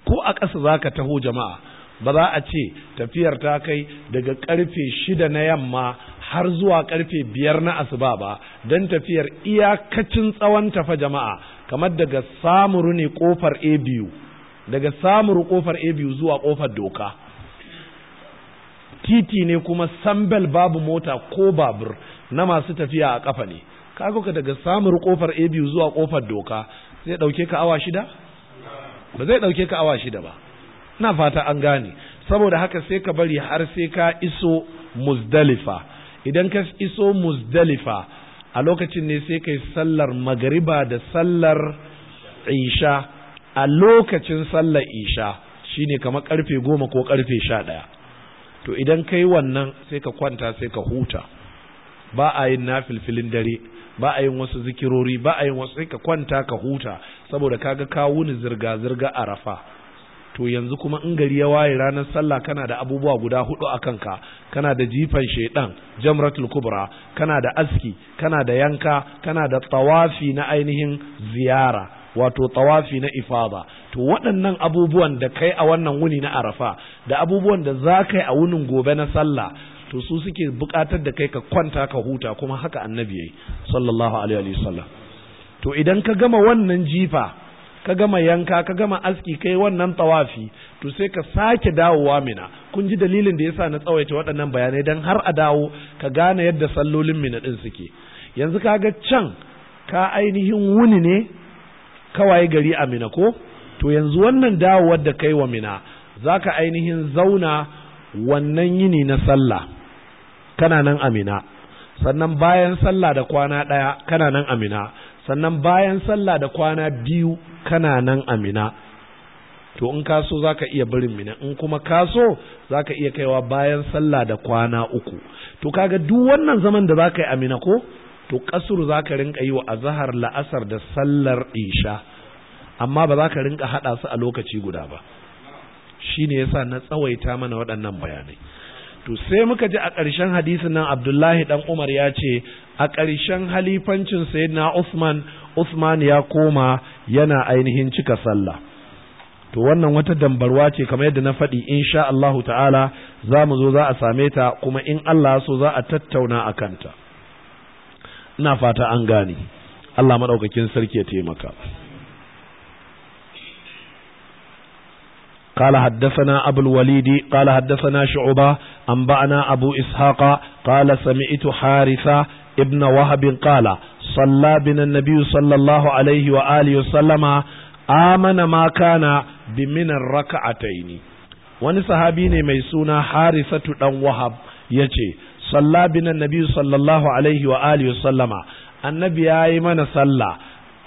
ko a ƙasa za ka taho jama'a ba za a ce tafiyar ta kai daga ƙarfe shida na yamma har zuwa ƙarfe biyar na asuba ba don tafiyar iyakacin tsawon tafa jama'a kamar daga samuru ne ƙofar a biyu daga samuru ƙofar a biyu zuwa ƙofar doka titi ne kuma sambel babu mota ko babur na masu tafiya a ƙafa ne kago ka daga samun kofar a biyu zuwa kofar doka zai dauke ka awa shida ba zai dauke ka awa shida ba na fata an gane saboda haka sai ka bari har sai ka iso muzdalifa idan ka iso muzdalifa a lokacin ne sai kai sallar magariba da sallar isha a lokacin sallar isha shine kamar karfe goma ko karfe sha ɗaya to idan kai wannan sai ka kwanta sai ka huta ba a yin nafilfilin dare ba a yin wasu zikirori ba a yin wasu sai ka kwanta ka huta saboda kaga kawo ni zirga zirga a rafa. to yanzu kuma in gari ya waye ranar sallah kana da abubuwa guda hudu a kanka kana da jifan shaidan jamratul kubra kana da aski kana da yanka kana da tawafi na ainihin ziyara wato tawafi na ifada to waɗannan abubuwan da kai a wannan wuni na arafa da abubuwan da za kai a wunin gobe na sallah to su suke buƙatar da kai ka kwanta ka huta kuma haka annabi yi sallallahu alaihi wasallam to idan ka gama wannan jifa ka gama yanka ka gama aski kai wannan tawafi to sai ka sake dawowa mina kun ji dalilin da yasa na tsawaita waɗannan bayanai dan har a dawo ka gane yadda sallolin mina din suke yanzu ka ga can ka ainihin wuni ne kawaye gari a mina ko to yanzu wannan dawowar da kai wa mina zaka ainihin zauna wannan yini na sallah kana nan amina sannan bayan sallah da kwana ɗaya kana nan amina sannan bayan sallah da kwana biyu kana nan amina to in ka so za ka iya barin mina in kuma ka so za ka iya kaiwa bayan sallah da kwana uku to kaga duk wannan zaman da za ka yi amina ko to kasuru za ka rinka yi wa azahar la'asar da sallar isha amma ba za ka rinka haɗa su a lokaci guda ba shi ne yasa na tsawaita mana waɗannan bayanai to sai muka ji a ƙarshen hadisin nan abdullahi ɗan umar ya ce a ƙarshen halifancin sayyidina usman usman ya koma yana ainihin cika sallah to wannan wata dambarwa ce kamar yadda na faɗi insha Allahu ta'ala za mu zo za a same ta kuma in Allah so za a tattauna a kanta ina fata an gane Allah maɗaukakin sarki ya taimaka قال حدثنا أبو الوليد قال حدثنا شعبة أنبأنا أبو إسحاق قال سمعت حارثة ابن وهب قال صلى بنا النبي صلى الله عليه وآله وسلم آمن ما كان بمن الركعتين wani sahabi ne mai suna harisatu dan wahab ya ce salla bina nabi sallallahu alaihi wa alihi sallama annabi yayi mana sallah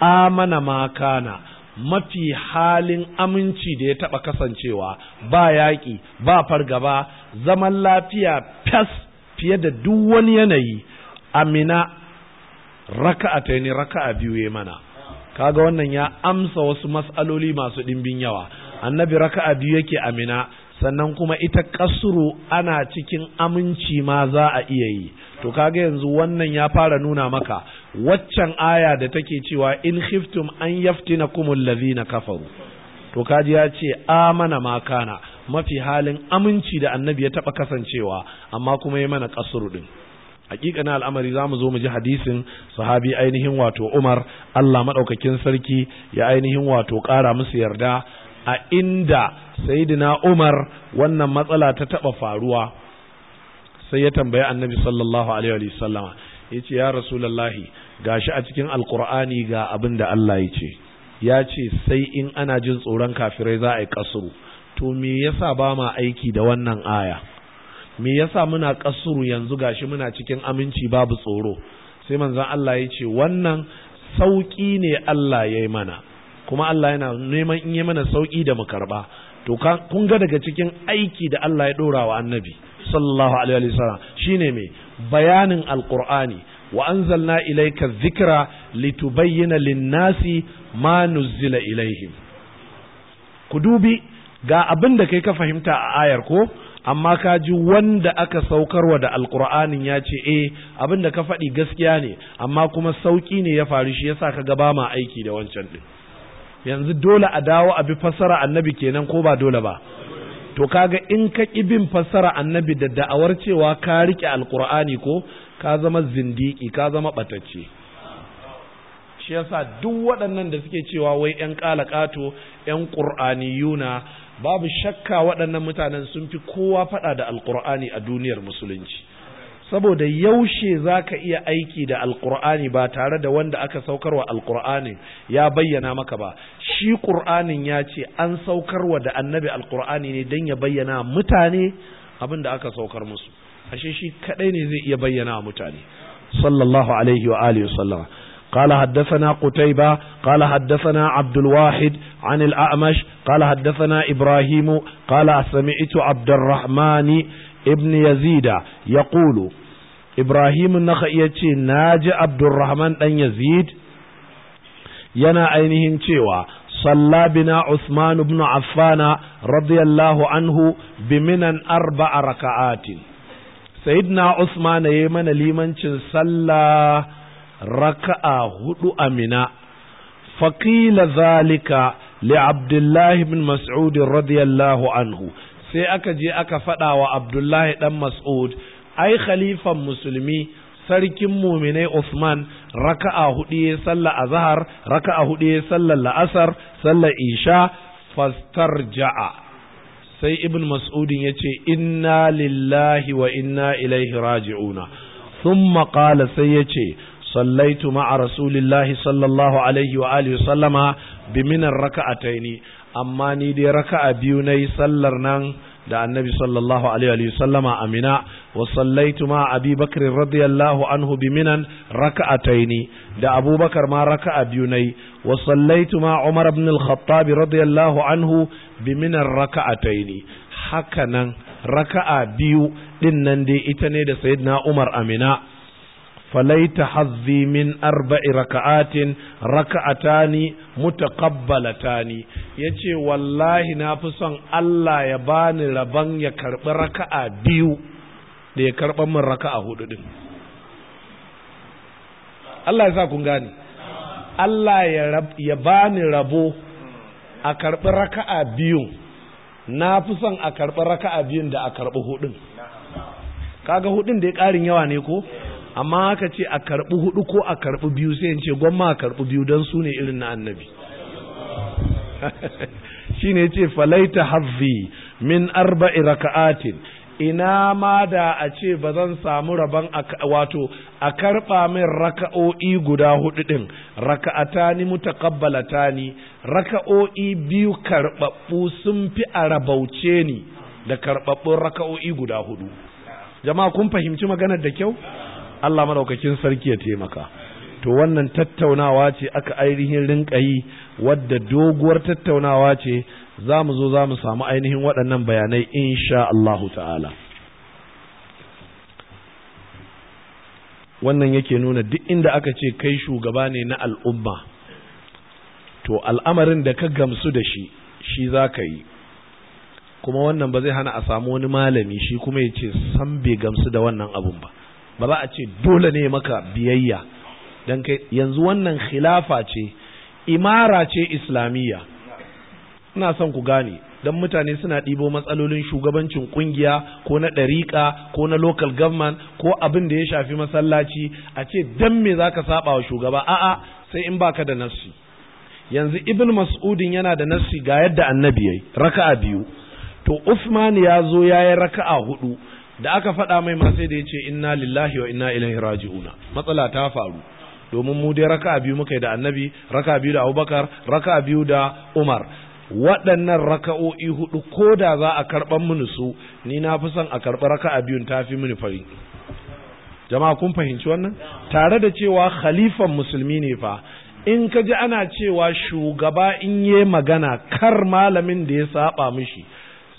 amana ma kana mafi halin aminci da ya taɓa kasancewa ba yaƙi ba fargaba zaman lafiya fas fiye da duk wani yanayi amina raka'a ta ne raka'a biyu ya mana kaga wannan ya amsa wasu mas'aloli masu ɗimbin yawa annabi raka'a biyu yake amina sannan kuma ita kasuru ana cikin aminci ma za a iya yi to kaga yanzu wannan ya fara nuna maka waccan aya da take cewa in khiftum an yaftinakum allazina kafaru to kaji ya ce amana ma kana mafi halin aminci da annabi ya taba kasancewa amma kuma ya mana kasuru din hakika na al'amari za mu zo mu ji hadisin sahabi ainihin wato Umar Allah madaukakin sarki ya ainihin wato kara musu yarda a inda sayyidina Umar wannan matsala ta taba faruwa sai ya tambayi annabi sallallahu alaihi wa sallama yace ya rasulullahi gashi a cikin alqur'ani ga abin da Allah yace yace sai in ana jin tsoron kafirai za a yi kasuru to me yasa ba ma aiki da wannan aya me yasa muna kasuru yanzu gashi muna cikin aminci babu tsoro sai manzon Allah yace wannan sauki ne Allah yayi mana kuma Allah yana neman in yi mana sauki da mu karba to kun ga daga cikin aiki da Allah ya ɗora wa annabi sallallahu alaihi wa sallam shine mai bayanin alqur'ani wa anzalna ilayka dhikra litubayyana lin-nasi ma nuzila ilaihim ku dubi ga abin da kai ka fahimta a ayar ko amma ka ji wanda aka saukarwa da alkur'anin ya ce eh abin da ka faɗi gaskiya ne amma kuma sauƙi ne ya faru shi yasa ka gaba ma aiki da wancan ɗin yanzu dole a dawo a bi fassara annabi kenan ko ba dole ba to kaga in ka ƙi bin fassara annabi da da'awar cewa ka riƙe alƙur'ani ko ka zama zindiki ka zama ɓatacce shi yasa duk waɗannan da suke cewa wai 'yan ƙalaƙato 'yan yuna, babu shakka waɗannan mutanen sun fi kowa faɗa da alƙur'ani a duniyar musulunci saboda yaushe za ka iya aiki da alkur'ani ba tare da wanda aka saukarwa alkur'anin ya bayyana maka ba shi ƙur'anin ya ce an saukarwa da annabi alkur'ani ne don ya bayyana mutane abin da aka saukar musu ashe shi kadai ne zai iya bayyana mutane sallallahu alaihi wa alihi sallama قال حدثنا قتيبة قال حدثنا عبد الواحد عن الأعمش قال حدثنا إبراهيم قال سمعت عبد الرحمن ابن يزيد يقول Ibrahim naka iya ce, Na ji Abdurrahman ɗan Yazid yana ainihin cewa, Salla bina Usman ibn Afana radiyallahu anhu bi minan arba a raka'atin. Sayidina Usman ya mana limancin salla raka'a hudu a mina. Fakila zalika li Abdullahi bin Mas'udin radiyallahu anhu. Sai aka je aka faɗa Abdullahi ɗan Mas'ud. ai khalifan musulmi sarkin muminai Usman raka'a hudu ya sallar azhar raka'a hudu ya sallar la'asar sallar isha ja'a sai ibn mas'udin ya ce inna lillahi wa inna ilaihi raji'una thumma qala sai ya ce sallaitu ma'a rasulillahi sallallahu alaihi wa alihi sallama bi minan raka'ataini amma ni dai raka'a biyu nayi sallar nan da annabi sallallahu alaihi wa sallama amina wa sallaitu ma abi bakr radiyallahu anhu bi minan raka'ataini da abubakar ma raka'a biyu nayi wa sallaitu ma umar ibn al-khattab radiyallahu anhu bi minan raka'ataini haka nan raka'a biyu din nan dai ita ne da sayyidina umar amina falaita hazzi min arba'i raka'atin raka'atani mutaqabbalatani yace wallahi na fi son Allah ya bani raban ya karbi raka'a biyu da ya karban min raka'a hudu din Allah ya sa kun gane Allah ya bani rabo a karbi raka'a biyu na fi son a karbi raka'a biyun da a karbi hudun kaga hudun da ya karin yawa ne ko amma haka ce a karɓi hudu ko a karɓi biyu sai in ce gwamma a karɓi biyu don su ne irin na annabi shi ne ce falaita havi min arba'i raka'atin ina ma da a ce ba zan samu rabon wato a karɓa min raka'o'i guda hudu ɗin raka'atani ni? raka'o'i biyu karɓaɓɓu sun fi a rabauce ni da karɓaɓɓun raka'o'i guda hudu jama'a kun fahimci maganar da kyau Allah madaukakin sarki ya taimaka to wannan tattaunawa ce aka ainihin rinka yi wadda doguwar tattaunawa ce za mu zo za mu samu ainihin waɗannan bayanai insha Allahu ta'ala wannan yake nuna duk inda aka ce kai shugaba ne na al'umma to al'amarin da ka gamsu da shi shi za ka yi kuma wannan ba zai hana a samu wani malami shi kuma ya ce san bai gamsu da wannan abun ba ba za a ce dole ne maka biyayya don kai yanzu wannan khilafa ce imara ce islamiyya ina son ku gane don mutane suna ɗibo matsalolin shugabancin ƙungiya ko na ɗariƙa ko na local government ko abin da ya shafi masallaci a ce don me za ka saba wa shugaba a'a sai in baka da nassi yanzu ibn mas'udin yana da nassi ga yadda annabi yi raka'a biyu to usman ya zo ya yi raka'a hudu da aka faɗa mai ma sai da ya ce inna lillahi wa inna ilaihi raji'una matsala ta faru domin mu dai raka'a biyu muka da annabi raka'a biyu da abubakar raka'a biyu da umar waɗannan raka'o'i hudu ko da za a karɓar mini su ni na fi son a karɓi raka'a biyun ta fi mini fari jama'a kun fahimci wannan tare da cewa khalifan musulmi ne fa in ka ji ana cewa shugaba in yi magana kar malamin da ya saba mishi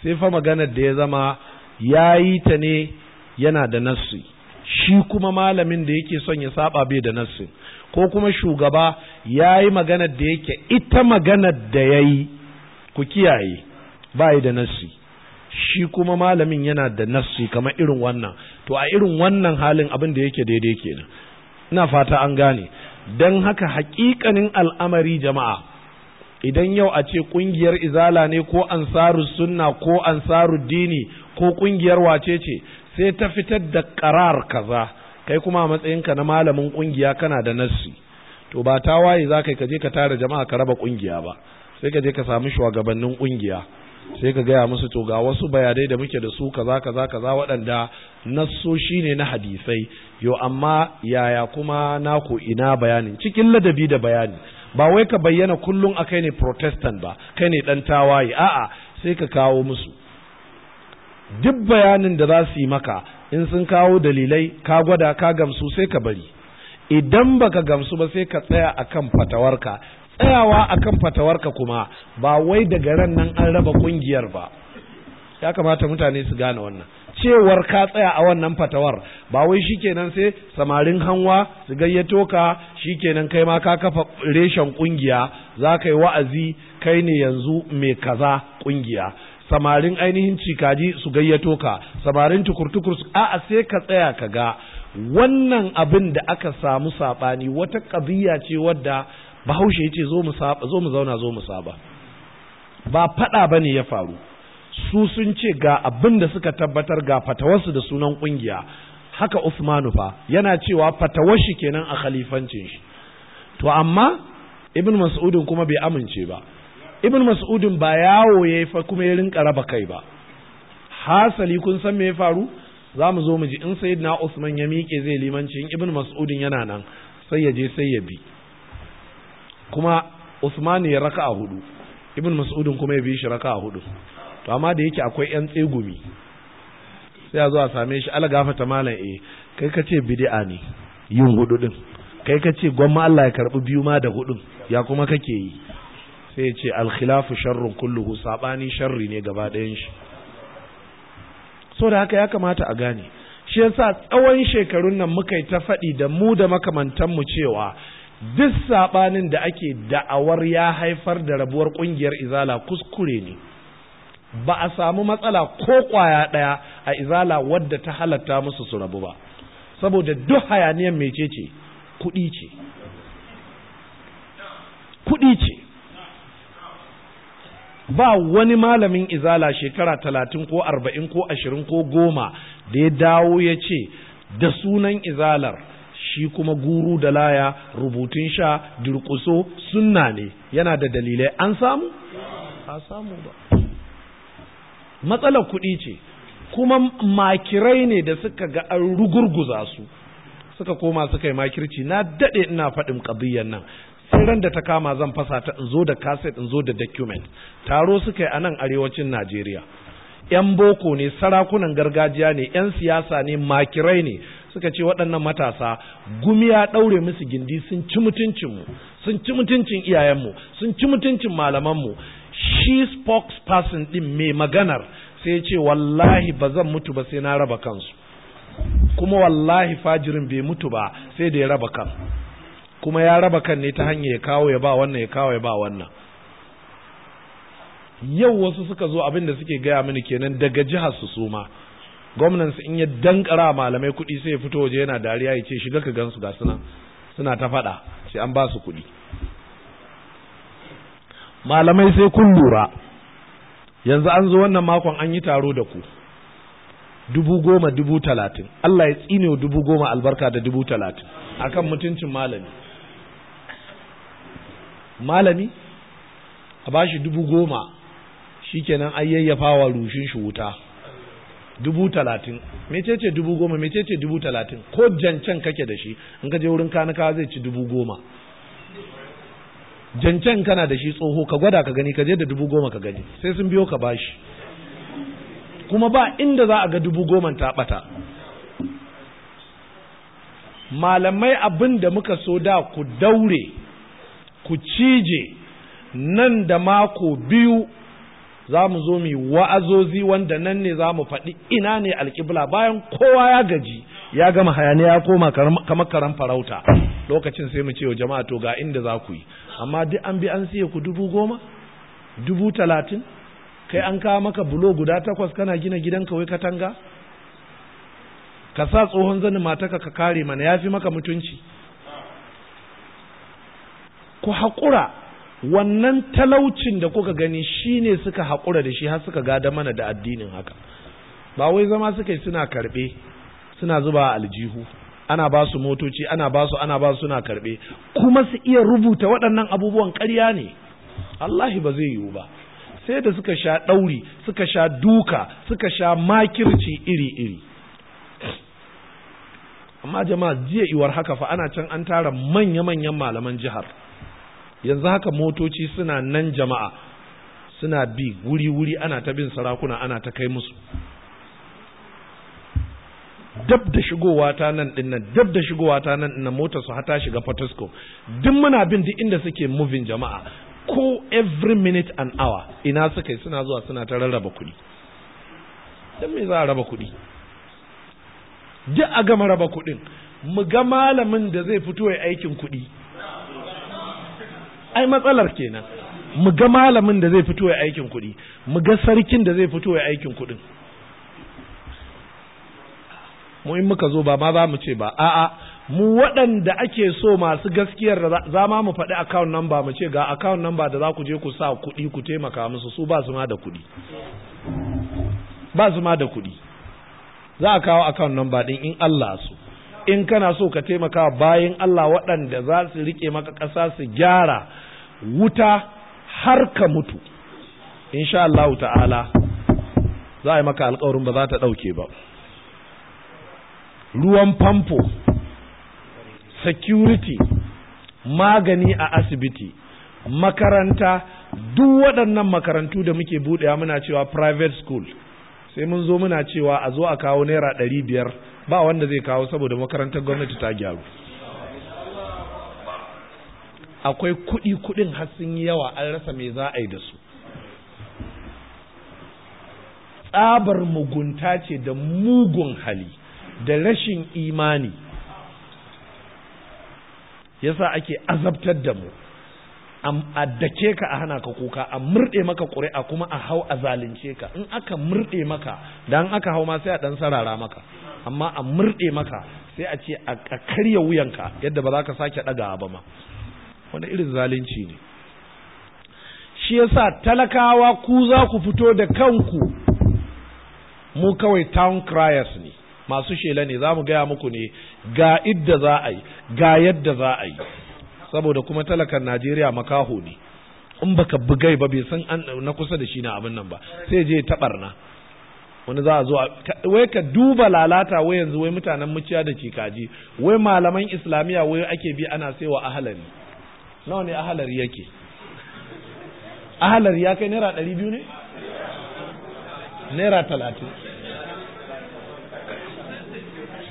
sai fa maganar da ya zama ya yi ta ne yana da nassi shi kuma malamin da yake son ya saba bai da nassi ko kuma shugaba ya yi maganar da yake ita maganar da ya yi ku kiyaye ba da nassi shi kuma malamin yana da nassi kamar irin wannan to a irin wannan halin abin da yake daidai kenan ina fata an gane don haka hakikanin al'amari jama'a idan yau a ce ƙungiyar izala ne ko Ansaru sunna ko Ansaru dini ko ƙungiyar wace ce sai ta fitar da karar kaza kai kuma a matsayinka na malamin ƙungiya kana da nassi to ba ta waye za ka je ka tara jama'a ka raba ƙungiya ba sai ka je ka samu shugabannin ƙungiya sai ka gaya musu to ga wasu bayanai da muke da su kaza kaza kaza waɗanda nassoshi ne na hadisai yo amma yaya kuma na ku ina bayanin cikin ladabi da bayani ba wai ka bayyana kullum a kai ne protestant ba kai ne dan tawaye a'a sai ka kawo musu duk bayanin da za su yi maka in sun kawo dalilai ka gwada ka gamsu sai ka bari idan baka gamsu ba sai ka tsaya akan fatawarka tsayawa akan fatawarka kuma ba wai daga ran nan an raba kungiyar ba ya kamata mutane su gane wannan cewar ka tsaya a wannan fatawar ba wai shikenan sai samarin hanwa su gayyato ka shikenan kai ma ka kafa reshen kungiya za ka yi wa'azi kai ne yanzu mai kaza kungiya samarin ainihin cikaji su gayyato ka samarin tukurtukur su a'a sai ka tsaya ka ga wannan abin da aka samu saɓani wata ƙabiya ce wadda bahaushe ya ce zo mu zauna zo mu saba ba faɗa bane ya faru su sun ce ga abin da suka tabbatar ga fatawarsu da sunan kungiya haka Usmanu fa yana cewa fatawar shi kenan a khalifancin shi to amma ibn mas'udin kuma bai amince ba ibn mas'udin ba yawo yayi fa kuma ya rinka raba kai ba hasali kun san me ya faru za mu zo mu ji in sayyidina Usman ya miƙe zai limanci in ibn mas'udin yana nan sai ya je sai ya bi kuma Usman ya raka'a hudu ibn mas'udin kuma ya bi shi raka'a hudu to amma da yake akwai ƴan tsegumi sai a zo a same shi ala gafata malam eh kai ka ce bid'a ne yin hudu din kai ka ce gwamma Allah ya karbi biyu ma da hudun ya kuma kake yi sai ya ce khilafu sharrun kulluhu sabani sharri ne gaba ɗayan shi so da haka ya kamata a gane shi yasa tsawon shekarun nan muka yi ta faɗi da mu da mu cewa duk sabanin da ake da'awar ya haifar da rabuwar kungiyar izala kuskure ne ba a samu matsala ko kwaya ɗaya a izala wadda ta halatta musu su rabu ba saboda duk hayaniyar mai kuɗi ce kuɗi ce ba wani malamin izala shekara talatin ko arba'in ko ashirin ko goma da ya dawo ya ce da sunan izalar shi kuma guru da laya rubutun sha durƙuso sunna ne yana da dalilai an samu? a samu ba matsalar kuɗi ce kuma makirai ne da suka ga an rugurguza su suka koma suka yi makirci na daɗe ina faɗin ƙabiyyar nan sai ran da ta kama zan fasa ta in zo da kaset in zo da document taro suka yi a nan arewacin najeriya yan boko ne sarakunan gargajiya ne yan siyasa ne makirai ne suka ce waɗannan matasa gumiya ɗaure musu gindi sun ci mutuncinmu sun ci mutuncin iyayenmu sun ci mutuncin malamanmu shi spokesperson din mai maganar sai ce wallahi ba zan mutu ba sai na raba kansu kuma wallahi fajirin bai mutu ba sai da ya raba kan kuma ya raba kan ne ta hanyar ya kawo ya ba wannan ya kawo ya ba wannan yau wasu suka zo abin da suke gaya mini kenan daga jihar su suma gwamnan su in ya dankara malamai kuɗi sai ya fito waje yana dariya ya ce shiga ka gansu ga suna suna ta faɗa sai an ba su kuɗi malamai sai kun lura yanzu an zo wannan makon an yi taro da ku dubu goma dubu talatin Allah ya tsine dubu goma albarka da dubu talatin a kan mutuncin malami malami a ba shi dubu goma shi an yayyafa wa rushin shi wuta dubu talatin mecece dubu goma mecece dubu talatin ko jancan kake da shi in ka je wurin kanuka zai ci dubu goma jancan kana da shi tsoho ka gwada ka gani ka je da dubu goma ka gani sai sun biyo ka bashi kuma ba inda za a ga dubu goman ta bata malamai abin da muka so da ku daure ku cije nan da mako biyu za mu zo mu wa'azozi wanda nan ne za mu faɗi ina ne alƙibla bayan kowa ya gaji ya gama hayaniya ya koma kamar karan farauta lokacin sai mu ce wa jama'a to ga inda za ku yi amma duk an bi an siya ku dubu goma dubu talatin kai an kawo maka bulo guda takwas kana gina gidan ka wai katanga ka sa tsohon zanin mataka ka kare mana ya fi maka mutunci ku haƙura wannan talaucin da kuka gani shi ne suka haƙura da shi har suka gada mana da addinin haka ba wai zama suka yi suna karɓe suna zuba aljihu ana ba su motoci ana ba su ana ba su suna karbe kuma su iya rubuta waɗannan abubuwan ƙarya ne Allahi ba zai yiwu ba sai da suka sha ɗauri suka sha duka suka sha makirci iri-iri amma jama'a jiya iwar haka fa ana can an tara manya-manyan malaman jihar yanzu haka motoci suna nan jama'a suna bi wuri-wuri ana ta bin sarakuna ana ta kai musu dab da shigowa ta nan din nan dab da shigowa ta nan dinnan, motar su hata shiga Potosko duk muna bin duk inda suke moving jama'a ko every minute and hour ina suka yi suna zuwa suna ta rarraba kuɗi dan me za a raba kuɗi duk a gama raba kuɗin mu ga malamin da zai fito ya aikin kuɗi ai matsalar kenan mu ga malamin da zai fito ya aikin kuɗi mu ga sarkin da zai fito ya aikin kuɗin mu in muka zo ba ma za mu ce ba a'a mu waɗanda ake so masu gaskiyar da za ma mu faɗi account number mu ce ga account number da za ku je ku sa kuɗi ku taimaka musu su ba su ma da kuɗi ba su ma da kuɗi za a kawo account number din in Allah so in kana so ka taimaka bayan Allah waɗanda za su riƙe maka ƙasa su gyara wuta har ka mutu insha Allah ta'ala za a yi maka alƙawarin ba za ta ɗauke ba ruwan famfo security magani a asibiti makaranta duk waɗannan makarantu da muke buɗewa muna cewa private school sai mun zo muna cewa a zo a kawo naira ɗari biyar ba wanda zai kawo saboda makarantar gwamnati ta gyaru akwai kuɗi kuɗin har yi yawa an rasa mai za a yi da su tsabar mugunta ce da mugun hali da rashin imani yasa ake azabtar da mu a dake ka a hana ka kuka a murɗe maka ƙuri'a kuma a hau a zalunce ka in aka murɗe maka dan aka hau ma sai a ɗan sarara maka amma a murɗe maka sai a ce a karya wuyanka yadda ba za ka sake ɗagawa ba ma wani irin zalunci ne shi yasa talakawa ku za ku fito da kanku mu kawai town criers ne masu shela ne za mu gaya muku ne ga idda za a yi ga yadda za a yi saboda kuma talakan najeriya makaho ne in baka bugai ba bai san an na kusa da shi na abin nan ba sai je tabarna wani za a zo wai ka duba lalata wai yanzu wai mutanen muciya da cikaji wai malaman islamiyya wai ake bi ana saiwa ahalari nawa ne ahalari yake ahalari ya kai naira ɗari biyu ne naira talatin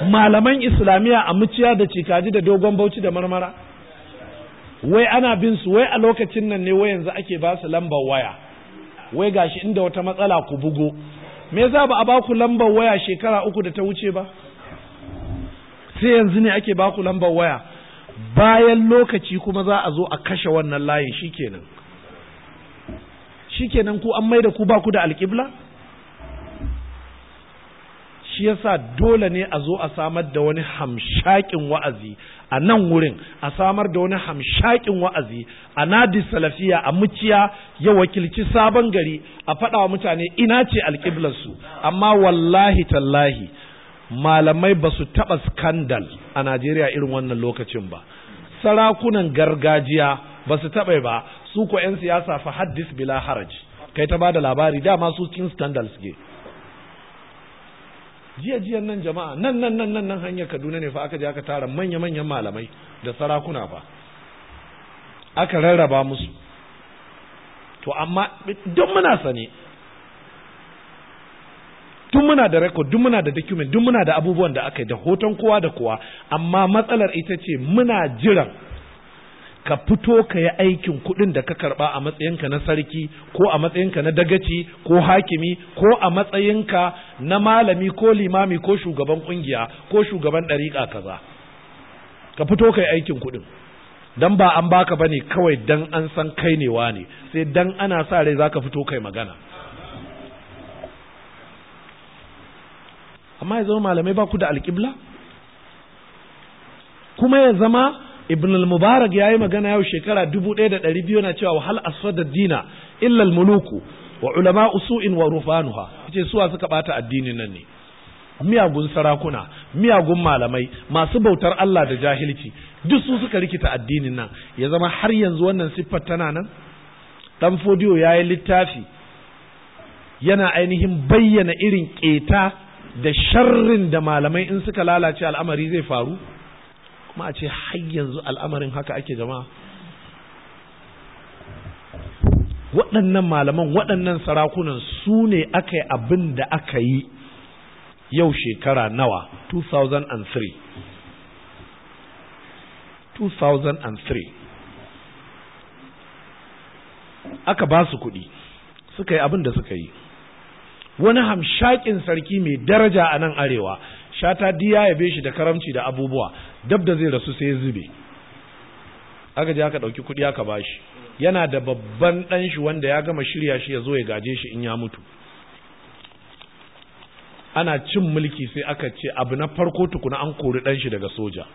malaman islamiyya a muciya da cikaji da dogon bauchi da marmara wai ana bin su wai a lokacin nan ne wai yanzu ake ba su lambar waya wai gashi inda wata matsala ku bugo me za ba a ba ku lambar waya shekara uku da ta wuce ba sai yanzu ne ake ba ku lambar waya bayan lokaci kuma za a zo a kashe wannan layin shikenan shikenan ku an maida ku ba ku da alƙibla shi yasa dole ne a zo a samar da wani hamshakin wa'azi a nan wurin a samar da wani hamshakin wa'azi a nadi salafiya a muciya ya wakilci sabon gari a faɗa wa mutane ina ce alƙiblarsu amma wallahi tallahi malamai ba su taɓa skandal a najeriya irin wannan lokacin ba sarakunan gargajiya ba su taɓa ba su ko 'yan siyasa fa haddis bila haraji kai ta ba da labari dama su cikin skandal suke jiya jiyan nan jama'a nan nan nan nan hanyar Kaduna ne fa aka je aka tara manya manyan malamai da sarakuna fa aka rarraba musu to amma duk muna sane duk muna da record duk muna da document duk muna da abubuwan da aka yi da hoton kowa da kowa amma matsalar ita ce muna jiran ka fito ka yi aikin kuɗin da ka karɓa a matsayinka na sarki ko a matsayinka na dagaci ko hakimi ko a matsayinka na malami ko limami ko shugaban ƙungiya ko shugaban ɗariƙa kaza ka fito ka yi aikin kuɗin Don ba an baka ne kawai don an san kai ne ne sai don ana sa rai za ka fito kai magana amma ya zama malamai ba ku da alƙibla kuma ya zama ibn al-mubarak yi magana yau shekara 1200 na cewa wahal asfada dina illa al-muluku wa ulama usu'in wa rufanuha suwa suka bata addinin nan ne miyagun sarakuna miyagun malamai masu bautar Allah da jahilci duk su suka rikita addinin nan ya zama har yanzu wannan siffar tana nan dan fodiyo yayi littafi yana ainihin bayyana irin keta da sharrin da malamai in suka lalace al'amari zai faru kuma a ce har yanzu al'amarin haka ake jama'a waɗannan malaman waɗannan sarakunan su ne aka yi abin da aka yi yau shekara nawa 2003 2003 aka ba su kuɗi suka yi abin da suka yi wani hamshakin sarki mai daraja a nan arewa sha ta diya ya yabe shi da karamci da abubuwa dab da zai rasu sai ya zube aka je aka ɗauki kuɗi aka bashi yana da babban ɗanshi shi wanda ya gama shirya shi ya zo ya gaje shi in ya mutu ana cin mulki sai aka ce abu na farko tukuna an kori dan shi daga soja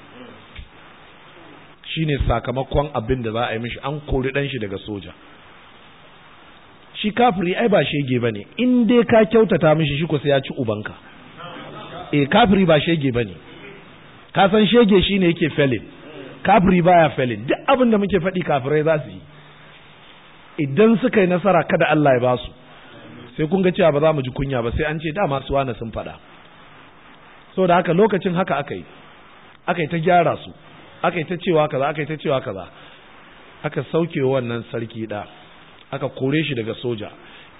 shine sakamakon abin da za a yi mishi an kori dan shi daga soja shi kafiri ai ba shege bane in dai ka kyautata mishi shi ko sai ya ci ubanka eh kafiri ba shege bane ka san shege ne yake felin kafiri baya felin duk abin da muke faɗi kafirai za su yi idan suka yi nasara kada Allah ya ba su sai kun ga cewa ba za mu ji kunya ba sai an ce dama su wani sun faɗa so da haka lokacin haka aka yi aka yi ta gyara su aka yi ta cewa kaza aka yi ta cewa kaza aka sauke wannan sarki da aka kore shi daga soja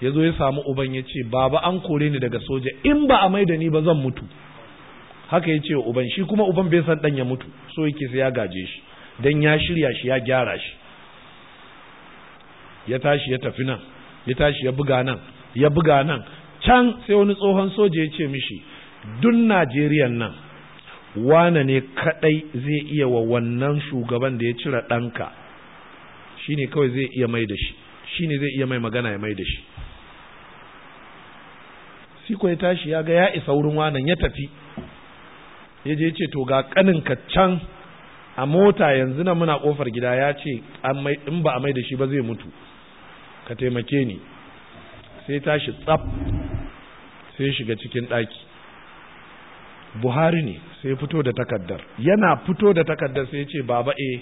ya zo ya samu uban ya ce baba an kore ni daga soja in ba a maida ni ba zan mutu haka ya ce wa uban shi kuma uban bai san dan ya mutu so yake sai ya gaje shi dan ya shirya shi ya gyara shi ya tashi ya tafi nan ya tashi ya buga nan ya buga nan can sai wani tsohon soja ya ce mishi dun Najeriyan nan wane ne kadai zai iya wa wannan shugaban da ya cire ɗanka shine kawai zai iya mai da shi shine zai iya mai magana ya mai da shi siko ya tashi ya ga ya isa wurin wanan ya tafi ya je ce to ga ka can a mota yanzu na muna kofar gida ya ce in ba a mai da shi ba zai mutu ka taimake ni sai tashi tsaf sai shiga cikin ɗaki buhari ne sai fito da takaddar yana fito da takaddar sai ce baba e eh,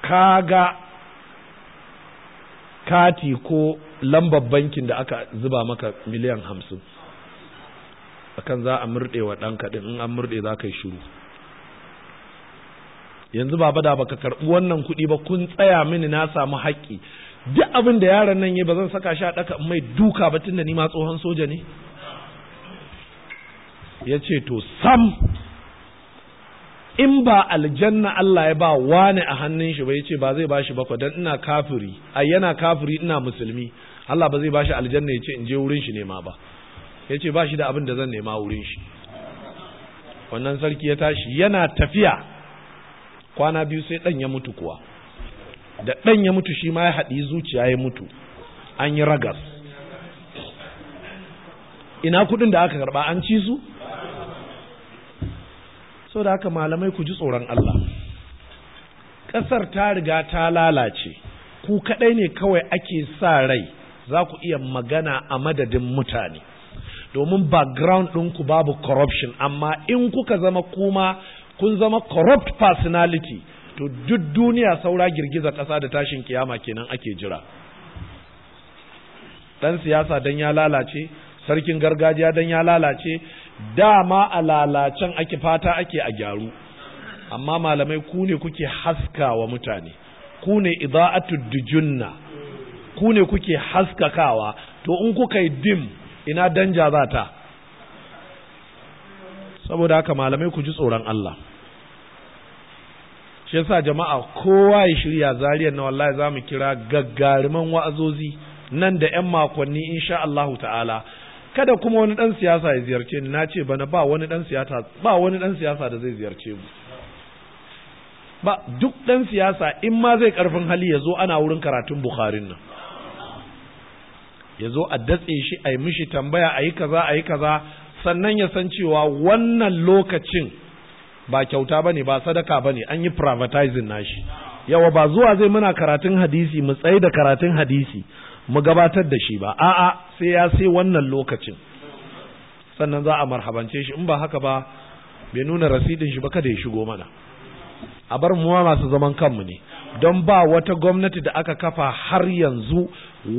kaga kati ko lambar bankin da aka zuba maka miliyan hamsin akan za a murɗe wa ɗanka ɗin in an murɗe za ka yi shiru yanzu baba da baka karɓi wannan kuɗi ba kun tsaya mini na samu haƙƙi duk abin da yaron nan yi ba zan saka shi a ɗaka mai duka ba tunda ni ma tsohon soja ne ya ce to sam in ba aljanna Allah ya ba wani a hannun shi ba ya ce ba zai bashi ba dan ina kafiri a yana kafiri ina musulmi Allah ba zai bashi aljanna ya ce in je wurin shi ne ma ba ya ce ba shi da abin da zan nema wurin shi wannan sarki ya tashi yana tafiya kwana biyu sai ɗan ya mutu kuwa da ɗan ya mutu shi ma ya haɗi zuciya ya mutu an yi ragas ina kuɗin da aka karɓa an ci su so da aka malamai ku ji tsoron Allah ƙasar ta riga ta lalace ku kaɗai ne kawai ake sa rai za ku iya magana a madadin mutane domin background ɗinku babu corruption amma in kuka zama kuma kun zama corrupt personality to duk duniya saura girgiza ƙasa da tashin kiyama kenan ake jira Dan siyasa dan ya lalace sarkin gargajiya dan ya lalace dama a lalacen ake fata ake a gyaru amma malamai ku ne kuke haska wa mutane ku ne idza'atud dujunna ku ne kuke haskakawa to in kuka yi dim ina danja za ta saboda haka malamai ku ji tsoron Allah shi yasa jama'a kowa ya shirya zariyar na wallahi za mu kira gaggariman wa'azozi nan da 'yan makonni insha Allahu ta'ala kada kuma wani dan siyasa ya ziyarce ni na ce bana ba wani dan siyasa ba wani dan siyasa da zai ziyarce mu ba duk dan siyasa in ma zai karfin hali ya zo ana wurin karatun Bukharin nan ya zo a datse shi a yi mishi tambaya a yi kaza a yi kaza sannan ya san cewa wannan lokacin ba kyauta ba ne ba sadaka ba ne an yi privatizing nashi yawa ba zuwa zai muna karatun hadisi mu tsaye da karatun hadisi mu gabatar da shi ba a'a sai ya sai wannan lokacin sannan za a marhabance shi in ba haka ba bai nuna rasidin shi ba kada ya shigo mana a bar muwa masu zaman kanmu ne don ba wata gwamnati da aka kafa har yanzu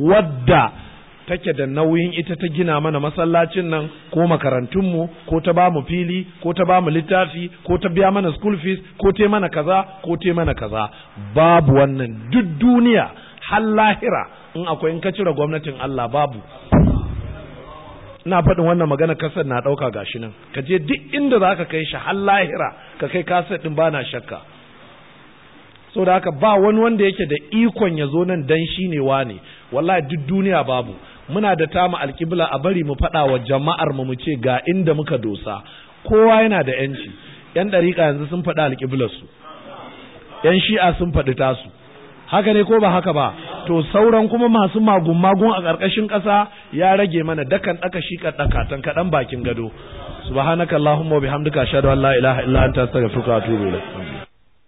wadda take da nauyin ita ta gina mana masallacin nan ko makarantunmu ko ta bamu fili ko ta bamu littafi ko ta biya mana school fees ko te mana kaza ko te mana kaza babu wannan duk duniya har lahira in akwai in ka cire gwamnatin Allah babu ina faɗin wannan magana kasar na ɗauka gashi nan ka je duk inda za ka kai shi har lahira ka kai kasar ɗin ba na shakka so da haka ba wani wanda yake da ikon ya zo nan dan shi ne wane wallahi duk duniya babu muna da tamu alkibla a bari mu faɗa wa jama'ar mu ce ga inda muka dosa kowa yana da yanci yan ɗariƙa yanzu sun faɗi alƙibla su yan shi'a sun faɗi tasu haka ne ko ba haka ba to sauran kuma masu magun magun a ƙarƙashin ƙasa ya rage mana dakan ɗaka shi ka ɗaka kaɗan bakin gado subhanakallahumma wa bihamdika ashhadu an la ilaha illa anta astaghfiruka wa atubu ilaik